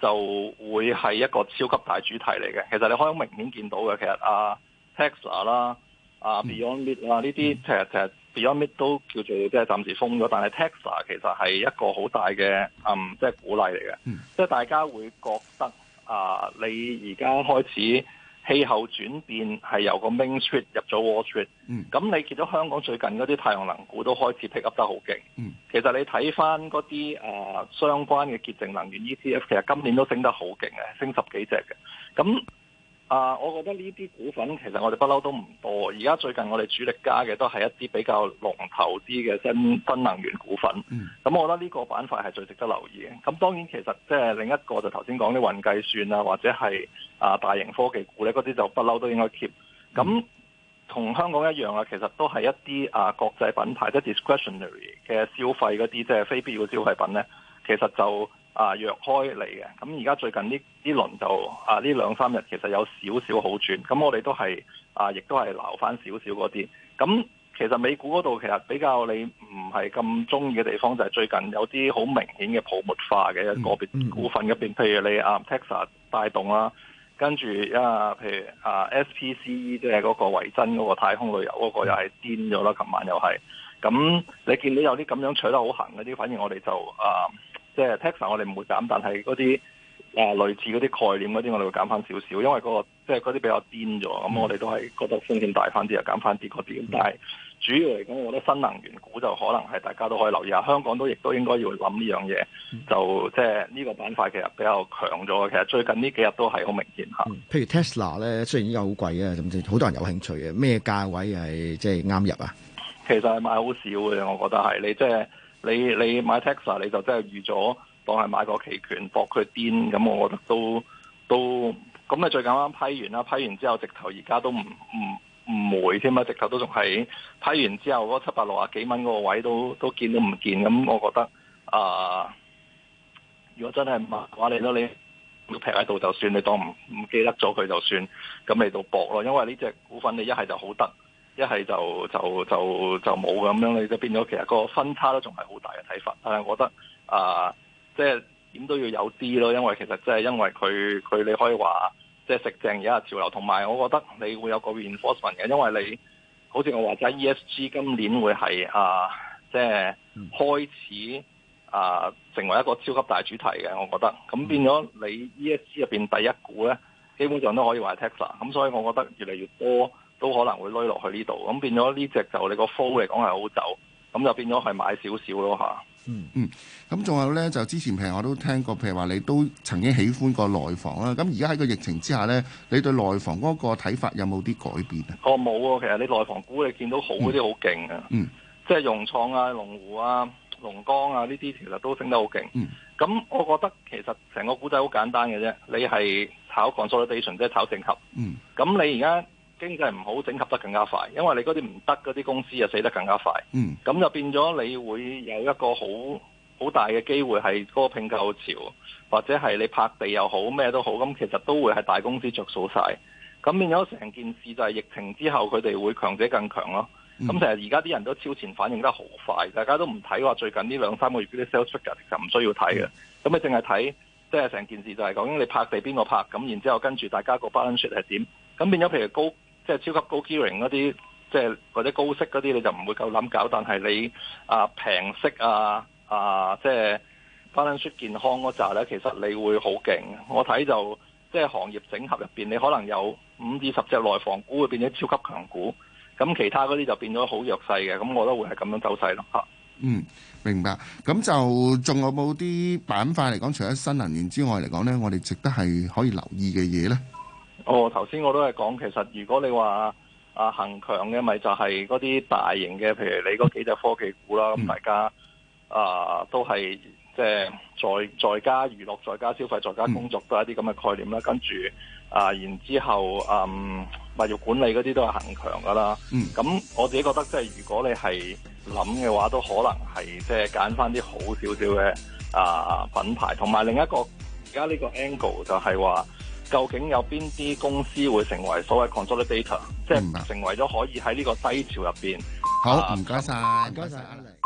就會係一個超級大主題嚟嘅。其實你可以明年見到嘅，其實阿、啊、Tesla 啦，啊 Beyond Meat 啦呢啲，其實其實。Beyond Meat 都叫做即係暫時封咗，但係 Taxa 其實係一個好大嘅嗯即係鼓勵嚟嘅，即係、mm. 大家會覺得啊、呃，你而家開始氣候轉變係由個 Main Street 入咗 Wall Street 咁你見到香港最近嗰啲太陽能股都開始 Pick Up 得好勁，mm. 其實你睇翻嗰啲啊相關嘅潔淨能源 ETF 其實今年都升得好勁嘅，升十幾隻嘅，咁。啊，uh, 我覺得呢啲股份其實我哋不嬲都唔多。而家最近我哋主力加嘅都係一啲比較龍頭啲嘅新新能源股份。咁、嗯、我覺得呢個板塊係最值得留意嘅。咁當然其實即係另一個就頭先講啲雲計算啊，或者係啊大型科技股呢嗰啲就不嬲都應該 keep。咁同、嗯、香港一樣啊，其實都係一啲啊國際品牌即係、就是、discretionary 嘅消費嗰啲，即、就、係、是、非必要消費品呢，其實就。啊，弱開嚟嘅，咁而家最近呢呢輪就啊呢兩三日其實有少少好轉，咁我哋都係啊，亦都係撈返少少嗰啲。咁、啊、其實美股嗰度其實比較你唔係咁中意嘅地方，就係最近有啲好明顯嘅泡沫化嘅一個別股份入邊，譬如你啊 Tesla 帶動啦，跟住啊譬如啊，啊 SPCE 即係嗰個維珍嗰個太空旅遊嗰個又係癲咗啦，琴晚又係。咁、啊、你見到有啲咁樣取得好行嗰啲，反而我哋就啊～即係 Tesla，我哋唔會減，但係嗰啲誒類似嗰啲概念嗰啲，我哋會減翻少少，因為嗰、嗰個即係嗰啲比較癲咗，咁、嗯、我哋都係覺得風險大翻啲，又減翻啲嗰啲。嗯、但係主要嚟講，我覺得新能源股就可能係大家都可以留意下，香港都亦都應該要諗呢樣嘢。就即係呢個板塊其實比較強咗，其實最近呢幾日都係好明顯吓、嗯。譬如 Tesla 咧，雖然而家好貴啊，咁即好多人有興趣啊，咩價位係即係啱入啊？其實買好少嘅，我覺得係你即、就、係、係。你你買 taxa 你就真係預咗當係買個期權博佢癲。咁我覺得都都咁啊！最近啱批完啦，批完之後直頭而家都唔唔唔回添嘛，直頭都仲係批完之後嗰七百六啊幾蚊嗰個位都都見都唔見。咁我覺得啊、呃，如果真係買嘅話，你都你都劈喺度就算，你當唔唔記得咗佢就算，咁你到博咯，因為呢隻股份你一係就好得，一係就就就就冇，咁樣你就變咗，其實個分差都仲係好大嘅睇法。但係我覺得啊、呃，即係點都要有啲咯，因為其實即係因為佢佢你可以話即係食正而家潮流，同埋我覺得你會有個 reinforcement 嘅，因為你好似我話齋 ESG 今年會係啊、呃，即係開始啊、呃、成為一個超級大主題嘅。我覺得咁變咗你 ESG 入邊第一股咧，基本上都可以話係 Tesla。咁所以我覺得越嚟越多。都可能會匿落去呢度，咁變咗呢隻就你個 fall 嚟講係好走，咁就變咗係買少少咯嚇。嗯嗯，咁仲有咧就之前譬如我都聽過，譬如話你都曾經喜歡過內房啦，咁而家喺個疫情之下咧，你對內房嗰個睇法有冇啲改變、哦、啊？我冇喎，其實你內房股你見到好嗰啲好勁嘅，嗯，即係融創啊、龍湖啊、龍江啊呢啲其實都升得好勁。嗯，咁、嗯、我覺得其實成個股仔好簡單嘅啫，你係炒 consolidation 即係炒整合。嗯，咁、嗯、你而家。經濟唔好，整合得更加快，因為你嗰啲唔得嗰啲公司就死得更加快。嗯，咁就變咗你會有一個好好大嘅機會係個併購潮，或者係你拍地又好咩都好，咁其實都會係大公司着數晒。咁變咗成件事就係疫情之後佢哋會強者更強咯。咁成日而家啲人都超前反應得好快，大家都唔睇話最近呢兩三個月嗰啲 sales figure 就唔需要睇嘅，咁你淨係睇即係成件事就係講你拍地邊個拍，咁然之後跟住大家個 balance sheet 係點，咁變咗譬如高。即係超級高機型高 gearing 嗰啲，即係或者高息嗰啲，你就唔會夠諗搞。但係你啊平息啊啊，即係 balance sheet 健康嗰紮咧，其實你會好勁。我睇就即係行業整合入邊，你可能有五至十隻內房股會變咗超級強股。咁其他嗰啲就變咗好弱勢嘅。咁我覺得會係咁樣走勢咯。嚇，嗯，明白。咁就仲有冇啲板塊嚟講？除咗新能源之外嚟講咧，我哋值得係可以留意嘅嘢咧？哦，頭先我都係講，其實如果你話啊恆強嘅咪就係嗰啲大型嘅，譬如你嗰幾隻科技股啦，咁大家啊都係即係在在家娛樂、在家消費、在家工作都係一啲咁嘅概念啦。跟住啊，然之後嗯物業管理嗰啲都係恆強噶啦。嗯，咁我自己覺得即係如果你係諗嘅話，都可能係即係揀翻啲好少少嘅啊品牌，同埋另一個而家呢個 angle 就係話。究竟有邊啲公司會成為所謂 consolidator，即係成為咗可以喺呢個低潮入邊？嗯、好，唔該晒，唔該晒。謝謝謝謝。